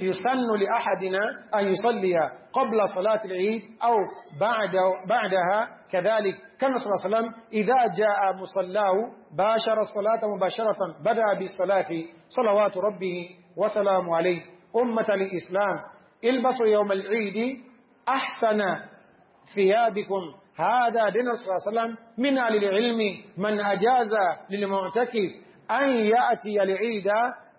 يسن لأحدنا أن يصلي قبل صلاة العيد أو بعد بعدها كذلك كان صلى الله عليه وسلم إذا جاء مصلاه باشر الصلاة مباشرة بدأ بالصلاة صلوات ربه وسلام عليه أمة الإسلام البسوا يوم العيد أحسن ثيابكم هذا دين صلى الله عليه وسلم من أهل العلم من أجاز للمعتكف أن يأتي العيد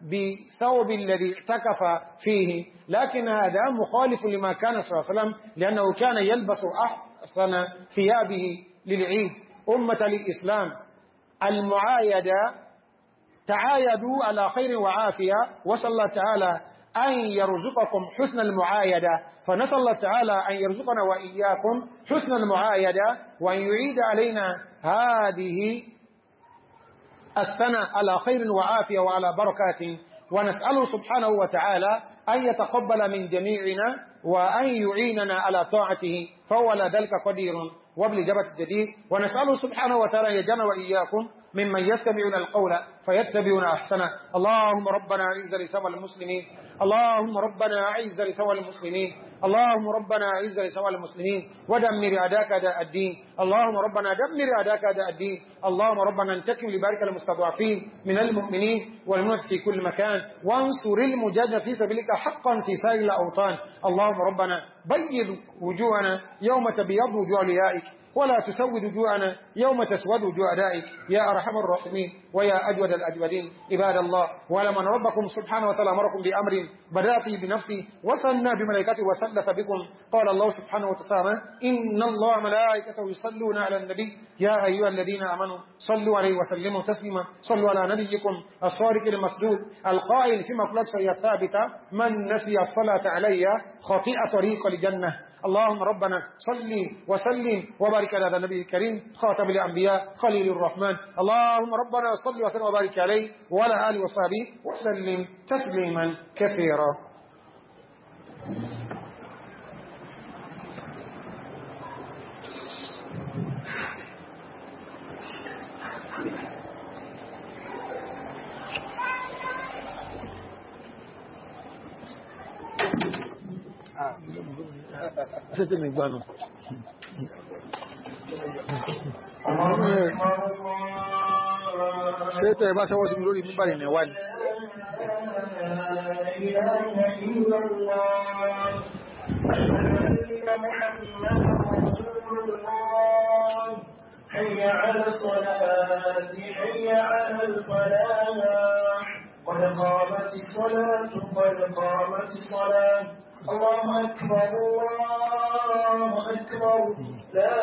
بثوب الذي اعتكف فيه لكن هذا مخالف لما كان صلى الله عليه وسلم لأنه كان يلبس أحسن ثيابه للعيد أمة الإسلام المعايدة تعايدوا على خير وعافية وصلى الله تعالى أن يرزقكم حسن المعايدة فنسأل الله تعالى أن يرزقنا وإياكم حسن المعايدة وأن يعيد علينا هذه السنة على خير وعافية وعلى بركات ونسأله سبحانه وتعالى أن يتقبل من جميعنا وأن يعيننا على طاعته فهو ذلك قدير وبلجبة الجديد ونسأله سبحانه وتعالى يجعلنا وإياكم ممن يتبعون القول فيتبعون أحسنه اللهم ربنا أعز لسوى المسلمين اللهم ربنا أعز لسوى المسلمين اللهم ربنا أعز لسوى المسلمين ودمر أداك أداء الدين اللهم ربنا دمر أداك أداء الدين اللهم ربنا انتكم لبارك المستضعفين من المؤمنين والمؤمنات في كل مكان وانصر المجاهدين في سبيلك حقا في سائر الأوطان اللهم ربنا بيض وجوهنا يوم تبيض وجوه ليائك ولا تسود وجوعنا يوم تسود وجوع دائك يا أرحم الراحمين ويا أجود الأجودين عباد الله ولمن ربكم سبحانه وتعالى أمركم بأمر بدأ فيه بنفسي وصلنا بملائكته وسلف بكم قال الله سبحانه وتعالى إن الله ملائكته يصلون على النبي يا أيها الذين آمنوا صلوا عليه وسلموا تسليما صلوا على نبيكم الصارق المسدود القائل في مقلب سيئة من نسي الصلاة علي خطيئة طريق الجنة اللهم ربنا صلي وسلم وبارك على هذا النبي الكريم خاتم الأنبياء خليل الرحمن اللهم ربنا صلي وسلم وبارك عليه وعلى آله وصحبه وسلم تسليما كثيرا آه، ستنك بانو ṣe tẹ́ bá ṣọwọ́ sí mi lórí mímbàrí ní wà ní حي على الصلاة حي على الفلاح قد الصلاة قد الصلاة الله أكبر الله أكبر لا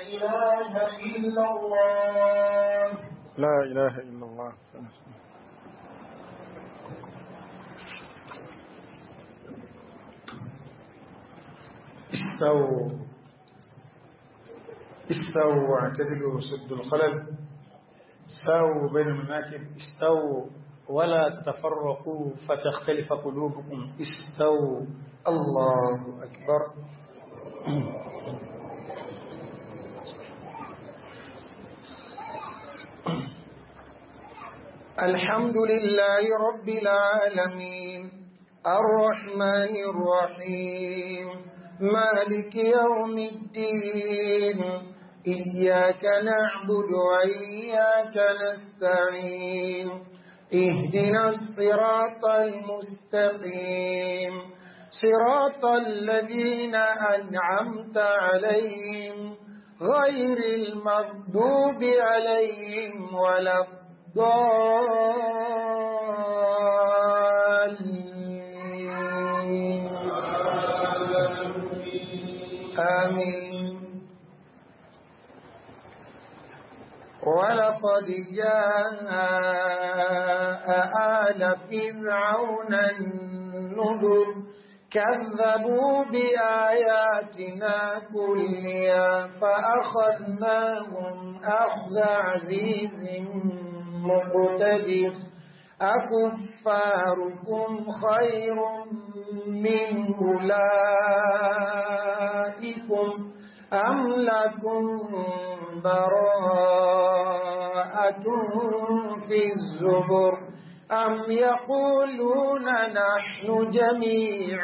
إله إلا الله لا إله إلا الله استووا استووا واعتدلوا سد الخلل استووا بين المناكب استووا ولا تتفرقوا فتختلف قلوبكم استووا الله أكبر الحمد لله رب العالمين الرحمن الرحيم مالك يوم الدين إياك نعبد وإياك نستعين اهدنا الصراط المستقيم صراط الذين أنعمت عليهم غير المغضوب عليهم ولا الضالين آمين وَلَقَدْ جَاءَ آلَ فِرْعَوْنَ النُّذُرُ كَذَّبُوا بِآيَاتِنَا كُلِّهَا فَأَخَذْنَاهُمْ أَخْذَ عَزِيزٍ مُقْتَدِرٍ أَكُفَّارُكُمْ خَيْرٌ مِّنْ أُولَئِكُمْ أَمْ لَكُمْ براءة في الزبر أم يقولون نحن جميع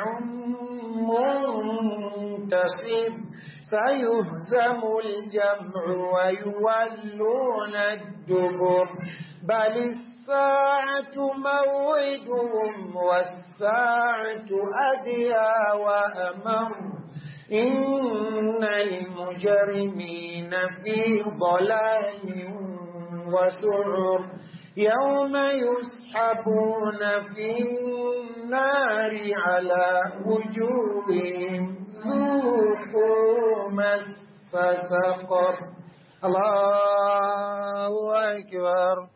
منتصر سيهزم الجمع ويولون الدبر بل الساعة موعدهم والساعة أديا وأمر إن المجرمين في ضلال وسعر يوم يسحبون في النار على وجوههم ذوقوا مس فسقر الله أكبر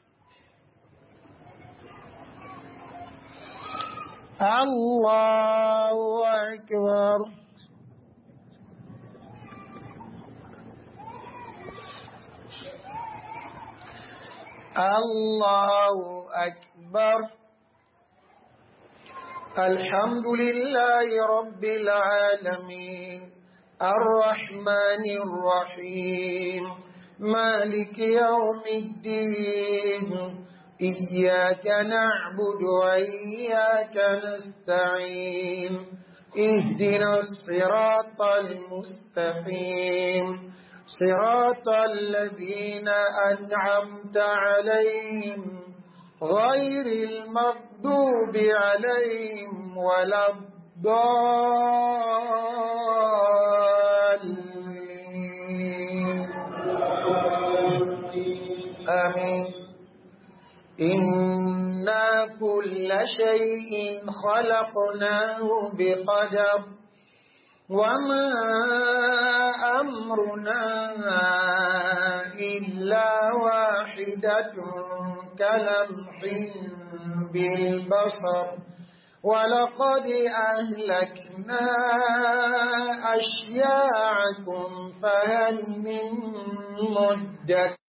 الله أكبر الله أكبر الحمد لله رب العالمين الرحمن الرحيم مالك يوم الدين إياك نعبد وإياك نستعين اهدنا الصراط المستقيم صراط الذين أنعمت عليهم غير المغضوب عليهم ولا الضالين آمين إنا كل شيء خلقناه بقدر وما أمرنا إلا واحدة كلمح بالبصر ولقد أهلكنا أشياعكم فهل من مدة